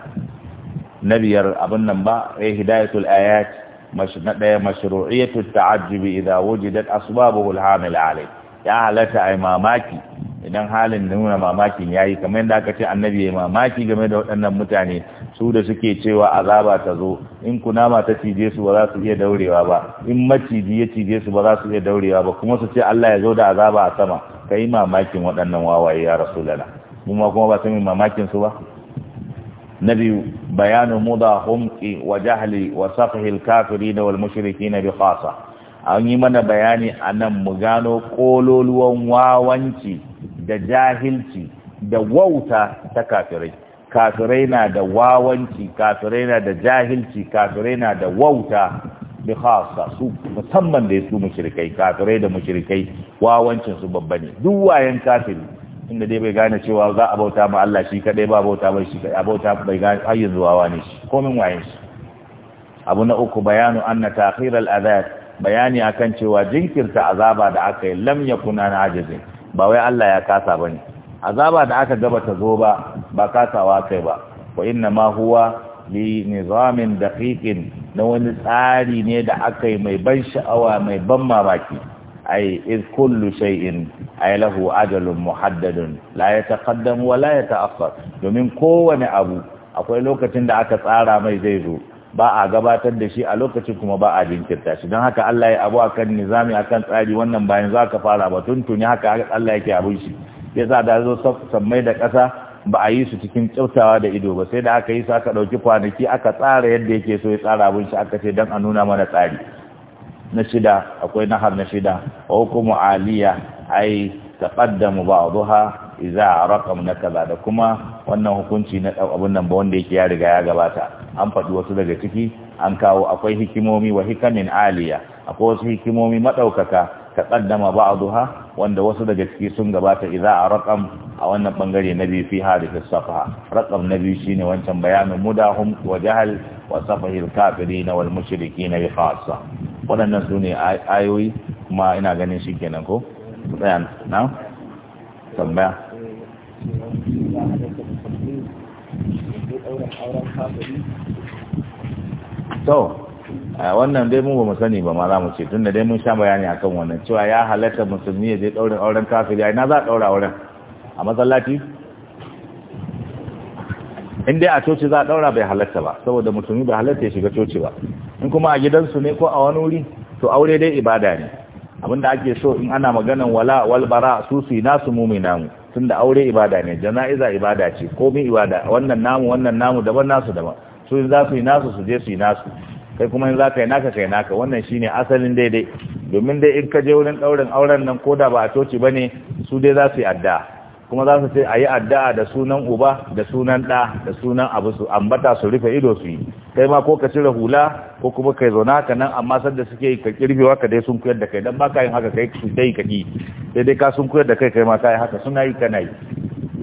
na biyar abin nan ba ya eh, hidayatul ayat na ɗaya mashru'iyatul ta'ajjubi idza wujidat asbabuhu al-hamil alayh ya halata ay mamaki idan halin nuna mamakin ya yi kamar yadda aka ce annabi ya mamaki game da waɗannan mutane su da suke cewa azaba ta zo in kunama ta cije su ba za su iya daurewa ba in maciji ya cije su ba za su iya daurewa ba kuma su ce Allah ya zo da azaba a sama ka yi mamakin waɗannan wawaye ya rasulana mu ma kuma ba su mamakin su ba na biyu bayanu muda wa jahli wa safhi al-kafirin wal mushrikin bi khasa an yi mana bayani a nan mu gano ƙololuwan wawanci da jahilci da wauta ta kafirai kafirai na da wawanci kafirai na da jahilci kafirai na da wauta bi khasa su musamman da su mushrikai kafirai da mushrikai wawancin su babba ne duk wayan kafiri inda dai bai gane cewa za a bauta ma Allah shi kadai ba bauta ba shi kadai a bauta bai gane har yanzu wawa ne shi komin wayan shi abu na uku bayanu anna ta'khir al-adhan bayani akan cewa jinkirta azaba da aka yi lam na ajiye ba wai Allah ya kasa bane azaba da aka gaba ta zo ba ba kasawa kai ba wa inna ma huwa li nizamin daqiqin na wani tsari ne da aka yi mai ban sha'awa mai ban mamaki ai iz kullu shay'in ay lahu ajalun muhaddadun la yataqaddam wa la yata'akhkhar domin kowane abu akwai lokacin da aka tsara mai zai zo ba a gabatar da shi a lokacin kuma ba a jinkirta shi don haka Allah ya abu akan nizami akan tsari wannan bayan za ka fara ba tuntuni haka Allah yake abin shi ya sa da zo sammai da ƙasa ba a yi su cikin kyautawa da ido ba sai da aka yi su aka ɗauki kwanaki aka tsara yadda yake so ya tsara abin shi aka ce don a nuna mana tsari na shida akwai nahar na shida wa hukumu aliya ai taqaddamu ba'daha iza raqam na kaza da kuma wannan hukunci na abun nan ba wanda yake ya riga ya gabata an faɗi wasu daga ciki an kawo akwai hikimomi wa hikamin aliya akwai wasu hikimomi madaukaka ka kaddama ba'daha wanda wasu daga ciki sun gabata iza raqam a wannan bangare na biyu fi hadith safa raqam na biyu shine wancan bayanin mudahum wa jahal wa safahil kafirin wal mushrikin bi khassa waɗannan su ayoyi kuma ina ganin shi kenan ko? na? tambaya to a wannan dai mu ba mu sani ba ma za mu ce tunda dai mun sha bayani akan wannan cewa ya halatta musulmi ya je daurin auren kafiri ai na za a auren a masallaci in dai a coci za a bai halatta ba saboda musulmi bai halatta ya shiga coci ba in kuma a gidansu ne ko a wani wuri to aure dai ibada ne abinda ake so in ana maganan wala wal bara su su nasu mu tunda aure ibada ne jana'iza ibada ce komai ibada wannan namu wannan namu daban nasu daban su za su yi nasu su je su yi nasu kai kuma in za ka yi naka kai naka wannan shine asalin daidai domin dai in ka je wurin ɗaurin auren nan ko da ba a coci ba ne su dai za su yi adda kuma za su ce a yi addu'a da sunan uba da sunan ɗa da sunan abu su ambata su rufe ido su yi kai ma ko ka cire hula ko kuma kai zauna ka nan amma sanda suke yi ka kirbewa ka dai sun kuyar da kai Don ba ka yin haka kai su ka yi sai dai ka sun kuyar da kai kai ma ka yi haka suna yi kana yi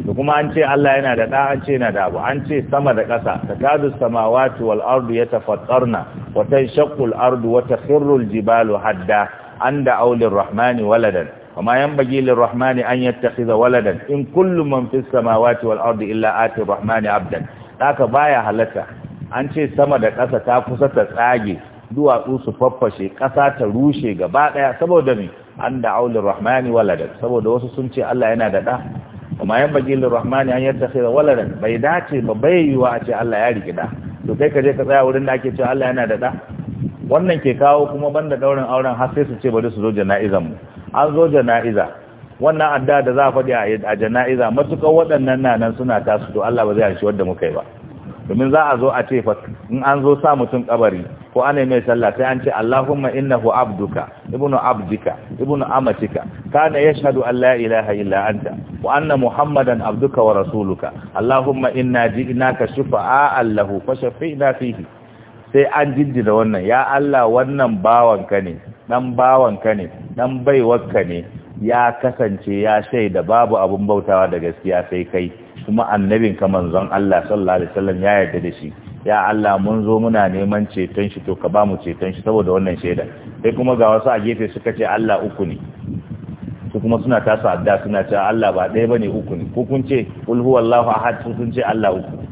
to kuma an ce Allah yana da ɗa an ce yana da abu an ce sama da ƙasa takadu samawati wal ardu yatafattarna wa tanshaqqu al ardu wa takhirru jibalu hadda anda aulin rahmani waladan وما ينبغي للرحمن أن يتخذ ولدا إن كل من في السماوات والأرض إلا آتي الرحمن عبدا ذاك بايا هلتا an ce sama da ƙasa ta kusa ta tsage duwatsu su faffashe ƙasa ta rushe gaba ɗaya saboda me an da aulin rahmani waladan saboda wasu sun ce Allah yana da ɗa kuma yan rahmani an yadda sai waladan bai dace ba bai yiwa a ce Allah ya riki ɗa to kai ka je ka tsaya wurin da ake cewa Allah yana da ɗa wannan ke kawo kuma banda ɗaurin auren har sai su ce bari su zo jana'izan mu an zo jana'iza wannan adda da za a faɗi a jana'iza matuƙar waɗannan nanan suna tasu to Allah ba zai hanci wadda muka yi ba domin za a zo a ce fa in an zo sa mutum kabari ko ana mai sallah sai an ce Allahumma innahu abduka ibnu abdika ibnu amatika kana yashhadu an la ilaha illa anta wa anna muhammadan abduka wa rasuluka Allahumma inna ji'naka shufa'a lahu fa shafi'na fihi sai an jinjina wannan ya Allah wannan bawanka ne dan bawanka ne dan baiwarka ne ya kasance ya shaida babu abun bautawa da gaskiya sai kai kuma annabin ka manzon Allah sallallahu alaihi wasallam ya yarda da shi ya Allah mun zo muna neman ceton shi to ka ba mu ceton shi saboda wannan shaida sai kuma ga wasu a gefe suka ce Allah uku ne su kuma suna tasa adda suna cewa Allah ba ɗaya bane uku ne ko kun ce kul huwallahu ahad sun ce Allah uku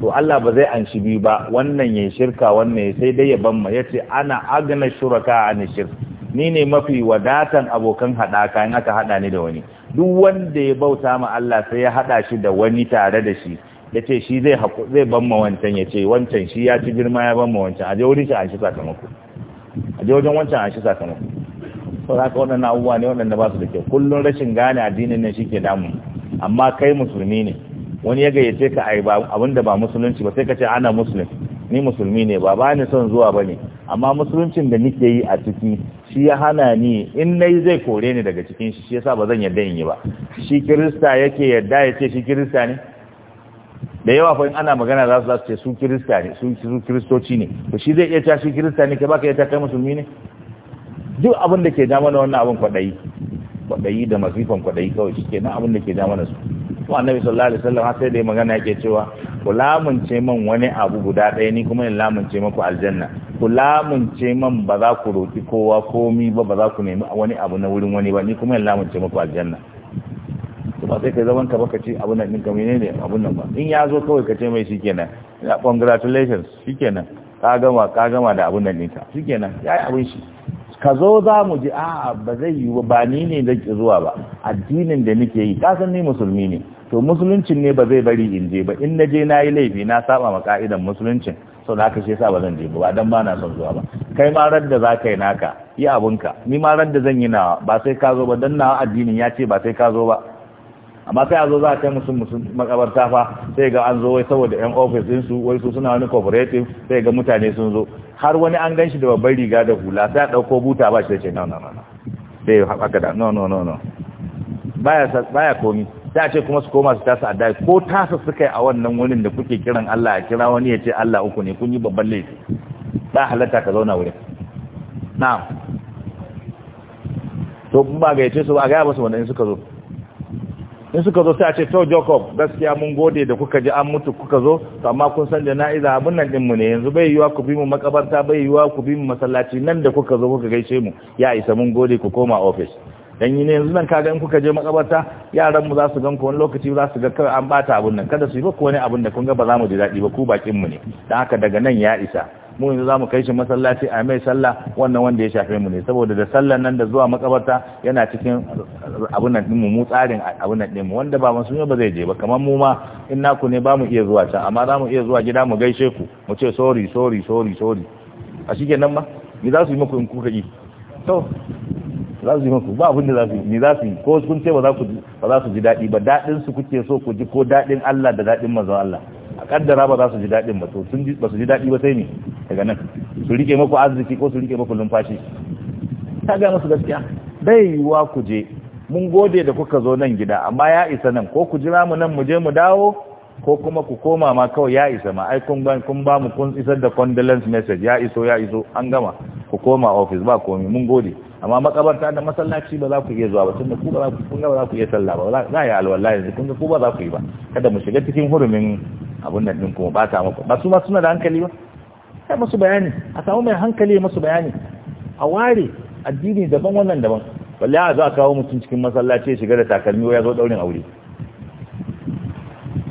to Allah ba zai anshi biyu ba wannan ya shirka wannan ya sai dai ya bamma ya ce ana agana shuraka an shir ni ne mafi wadatan abokan haɗaka in aka haɗa ni da wani duk wanda ya bauta ma Allah sai ya haɗa shi da wani tare da shi ya ce shi zai zai bamma wancan ya ce wancan shi ya ci girma ya banma wancan a je wurin shi an shi sakamako a je wajen wancan an shi sakamako to haka waɗannan abubuwa ne waɗanda ba su da kyau kullum rashin gane addinin nan shi ke damu amma kai musulmi ne wani ya gayyace ka ai abin abinda ba musulunci ba sai ka ce ana musulun ni musulmi ne ba ba ni son zuwa ba ne amma musuluncin da nike yi a ciki shi ya hana ni in nayi zai kore ni daga cikin shi shi yasa ba zan yarda in yi ba shi kirista yake yarda ya ce shi kirista ne da yawa fa in ana magana za su za su ce su kirista ne su su kristoci ne to shi zai iya ta shi kirista ne kai baka iya ta kai musulmi ne duk abin da ke da mana wannan abin kwadayi kwadayi da mafifan kwadayi kawai shi kenan abin da ke da mana su to annabi sallallahu alaihi wasallam sai da magana yake cewa ku lamunce man wani abu guda ɗaya ni kuma in lamunce maku aljanna ku lamunce man ba za ku roki kowa komi ba ba za ku nemi wani abu na wurin wani ba ni kuma in lamunce maku aljanna to ba sai kai zaman ka baka ce abun nan din ka menene abun nan ba in ya zo kawai ka ce mai shikenan ya congratulations shikenan ka gama ka gama da abun nan ɗinka shikenan yayi abun shi ka zo za mu ji a'a ba zai yi ba ni ne da ke zuwa ba addinin da nake yi kasan ni musulmi ne to musuluncin ne ba zai bari in je ba in na je na yi laifi na saba ma ka'idan musuluncin sau da aka sa ba zan je ba dan ba na son zuwa ba kai ma ran za ka yi naka yi abunka ni ma zan yi nawa ba sai ka zo ba dan nawa addinin ya ce ba sai ka zo ba amma sai a zo za a kai musu makabarta fa sai ga an zo wai saboda yan ofis din su wai su suna wani cooperative sai ga mutane sun zo har wani an ganshi da babbar riga da hula sai a dauko buta ba shi da ce na, na na sai haka da no no no no baya baya komi sai a ce kuma su koma su tasa adda ko tasa su kai a wannan wurin da kuke kiran Allah ya kira wani ya ce Allah uku ne kun yi babban laifi ba halatta ka zauna wurin na'am to kuma ga yace su ba ga ba su wanda in suka zo in suka zo sai a ce to Jacob gaskiya mun gode da kuka ji an mutu kuka zo to amma kun san da jana'iza abun nan din mu ne yanzu bai yiwa ku bi mu makabarta bai yiwa ku bi mu masallaci nan da kuka zo kuka gaishe mu ya isa mun gode ku koma ofis dan yi ne yanzu nan kaga in kuka je makabarta yaran mu za su gan ku wani lokaci za su ga kawai an bata abun nan kada su yi ba ku wani abun da kun ga ba za mu ji daɗi ba ku bakin mu ne dan haka daga nan ya isa mu yanzu za mu kai shi masallaci a mai sallah wannan wanda ya shafe mu ne saboda da sallan nan da zuwa makabarta yana cikin abun nan mu mu tsarin abun nan din mu wanda ba sunyo ba zai je ba kamar mu ma in naku ne ba mu iya zuwa can amma za mu iya zuwa gida mu gaishe ku mu ce sorry sorry sorry sorry a shi nan ma ni za su yi muku in kuka yi to za su yi muku ba abin da za su yi ni za su yi ko kun ce ba za su ji daɗi ba daɗin su kuke so ku ji ko daɗin Allah da daɗin manzon Allah a kaddara ba za su ji daɗin ba sun ba su ji daɗi ba sai ne daga nan su rike maku arziki ko su rike maku numfashi ta ga musu gaskiya bai yiwuwa ku je mun gode da kuka zo nan gida amma ya isa nan ko ku jira mu nan mu je mu dawo ko kuma ku koma ma kawai ya isa ma ai kun kun ba mu kun isar da condolence message ya iso ya iso an gama ku koma office ba komai mun gode amma makabarta da masallaci ba za ku iya zuwa ba tunda ku ba ku kunga ba za ku iya sallah ba za ya alwala yanzu kunga ku ba za ku yi ba kada mu shiga cikin hurumin abun nan din kuma ba ta muku ba su ma suna da hankali ba sai musu bayani a samu mai hankali musu bayani a ware addini daban wannan daban wallahi za a kawo mutum cikin masallaci ya shiga da takalmi ya zo daurin aure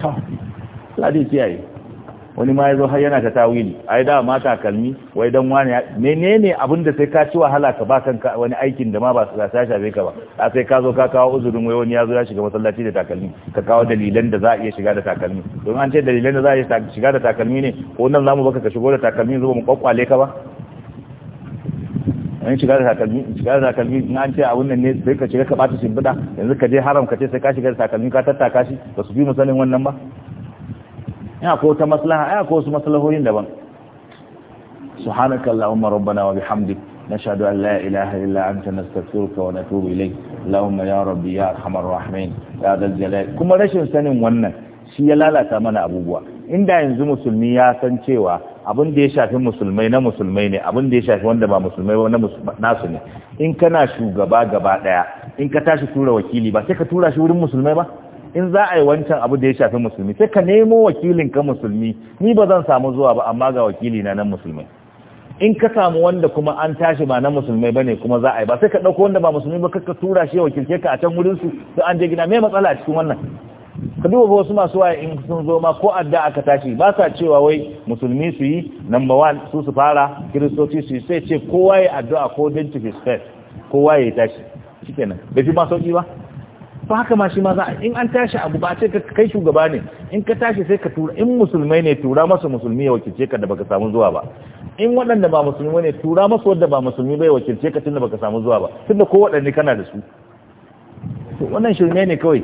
to Allah dai kiyaye wani ma ya zo har yana ta tawili ai da ma takalmi wai dan wani menene abin da sai ka ci wahala ka ba kanka wani aikin da ma ba za ta shafe ka ba a sai ka zo ka kawo uzurin wai wani ya zo ya shiga masallaci da takalmi ka kawo dalilan da za a iya shiga da takalmi don an ce dalilan da za a iya shiga da takalmi ne ko nan zamu baka ka shigo da takalmi zuwa mu kwakwale ka ba an shiga da takalmi shiga da takalmi in an ce abun nan ne sai ka shiga ka bata shimfiɗa yanzu ka je haram ka ce sai ka shiga da takalmi ka tattaka shi ba su fi musalin wannan ba ya ko ta maslaha ya ko su maslahoyin daban subhanaka allahumma rabbana wa bihamdik nashhadu an la ilaha illa anta nastaghfiruka wa natubu ilayk allahumma ya rabbi ya arhamar rahimin ya dal jalal kuma rashin sanin wannan shi ya lalata mana abubuwa inda yanzu musulmi ya san cewa abin da ya shafi musulmai na musulmai ne abin da ya shafi wanda ba musulmai ba nasu ne in kana shugaba gaba daya in ka tashi tura wakili ba sai ka tura shi wurin musulmai ba in za a yi wancan abu da ya shafi musulmi sai ka nemo wakilin ka musulmi ni ba zan samu zuwa ba amma ga wakili na nan musulmai in ka samu wanda kuma an tashi ba na musulmai bane kuma za a yi ba sai ka ɗauko wanda ba musulmi ba ka tura shi wakilce ka a can wurin su to an je gida me matsala a cikin wannan ka duba wasu masu waye in sun zo ma ko adda aka tashi ba sa cewa wai musulmi su yi number one su su fara kiristoci su yi sai ce kowa ya addu'a ko don to kowa ya tashi shikenan bai fi ma sauki ba fa haka ma shi ma za in an tashi abu ba ce ka kai shugaba ne in ka tashi sai ka tura in musulmai ne tura masa musulmi ya wakilce ka da baka samu zuwa ba in waɗanda ba musulmi ne tura masa wanda ba musulmi bai wakilce ka tunda baka samu zuwa ba tunda ko waɗanne kana da su to wannan shirme ne kawai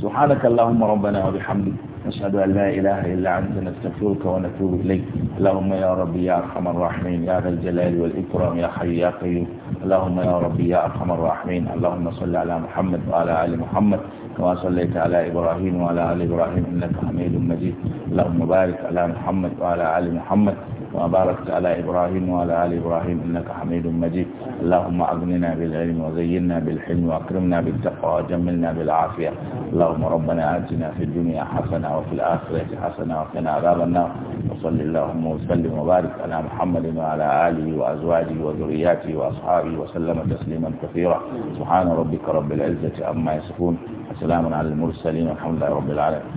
subhanakallahumma rabbana wa bihamdika نشهد أن لا إله إلا أنت نستغفرك ونتوب إليك اللهم يا ربي يا أرحم الراحمين يا ذا الجلال والإكرام يا حي يا قيوم اللهم يا ربي يا أرحم الراحمين اللهم صل على محمد وعلى آل محمد كما صليت على إبراهيم وعلى آل إبراهيم إنك حميد مجيد اللهم بارك على محمد وعلى آل محمد كما باركت على إبراهيم وعلى آل إبراهيم إنك حميد مجيد اللهم أغننا بالعلم وزينا بالحلم وأكرمنا بالتقوى وجملنا بالعافية اللهم ربنا آتنا في الدنيا حسنة وفي الآخرة حسنة وقنا عذاب النار وصل اللهم وسلم وبارك على محمد وعلى آله وأزواجه وذرياته وأصحابه وسلم تسليما كثيرا سبحان ربك رب العزة أما يصفون السلام على المرسلين والحمد لله رب العالمين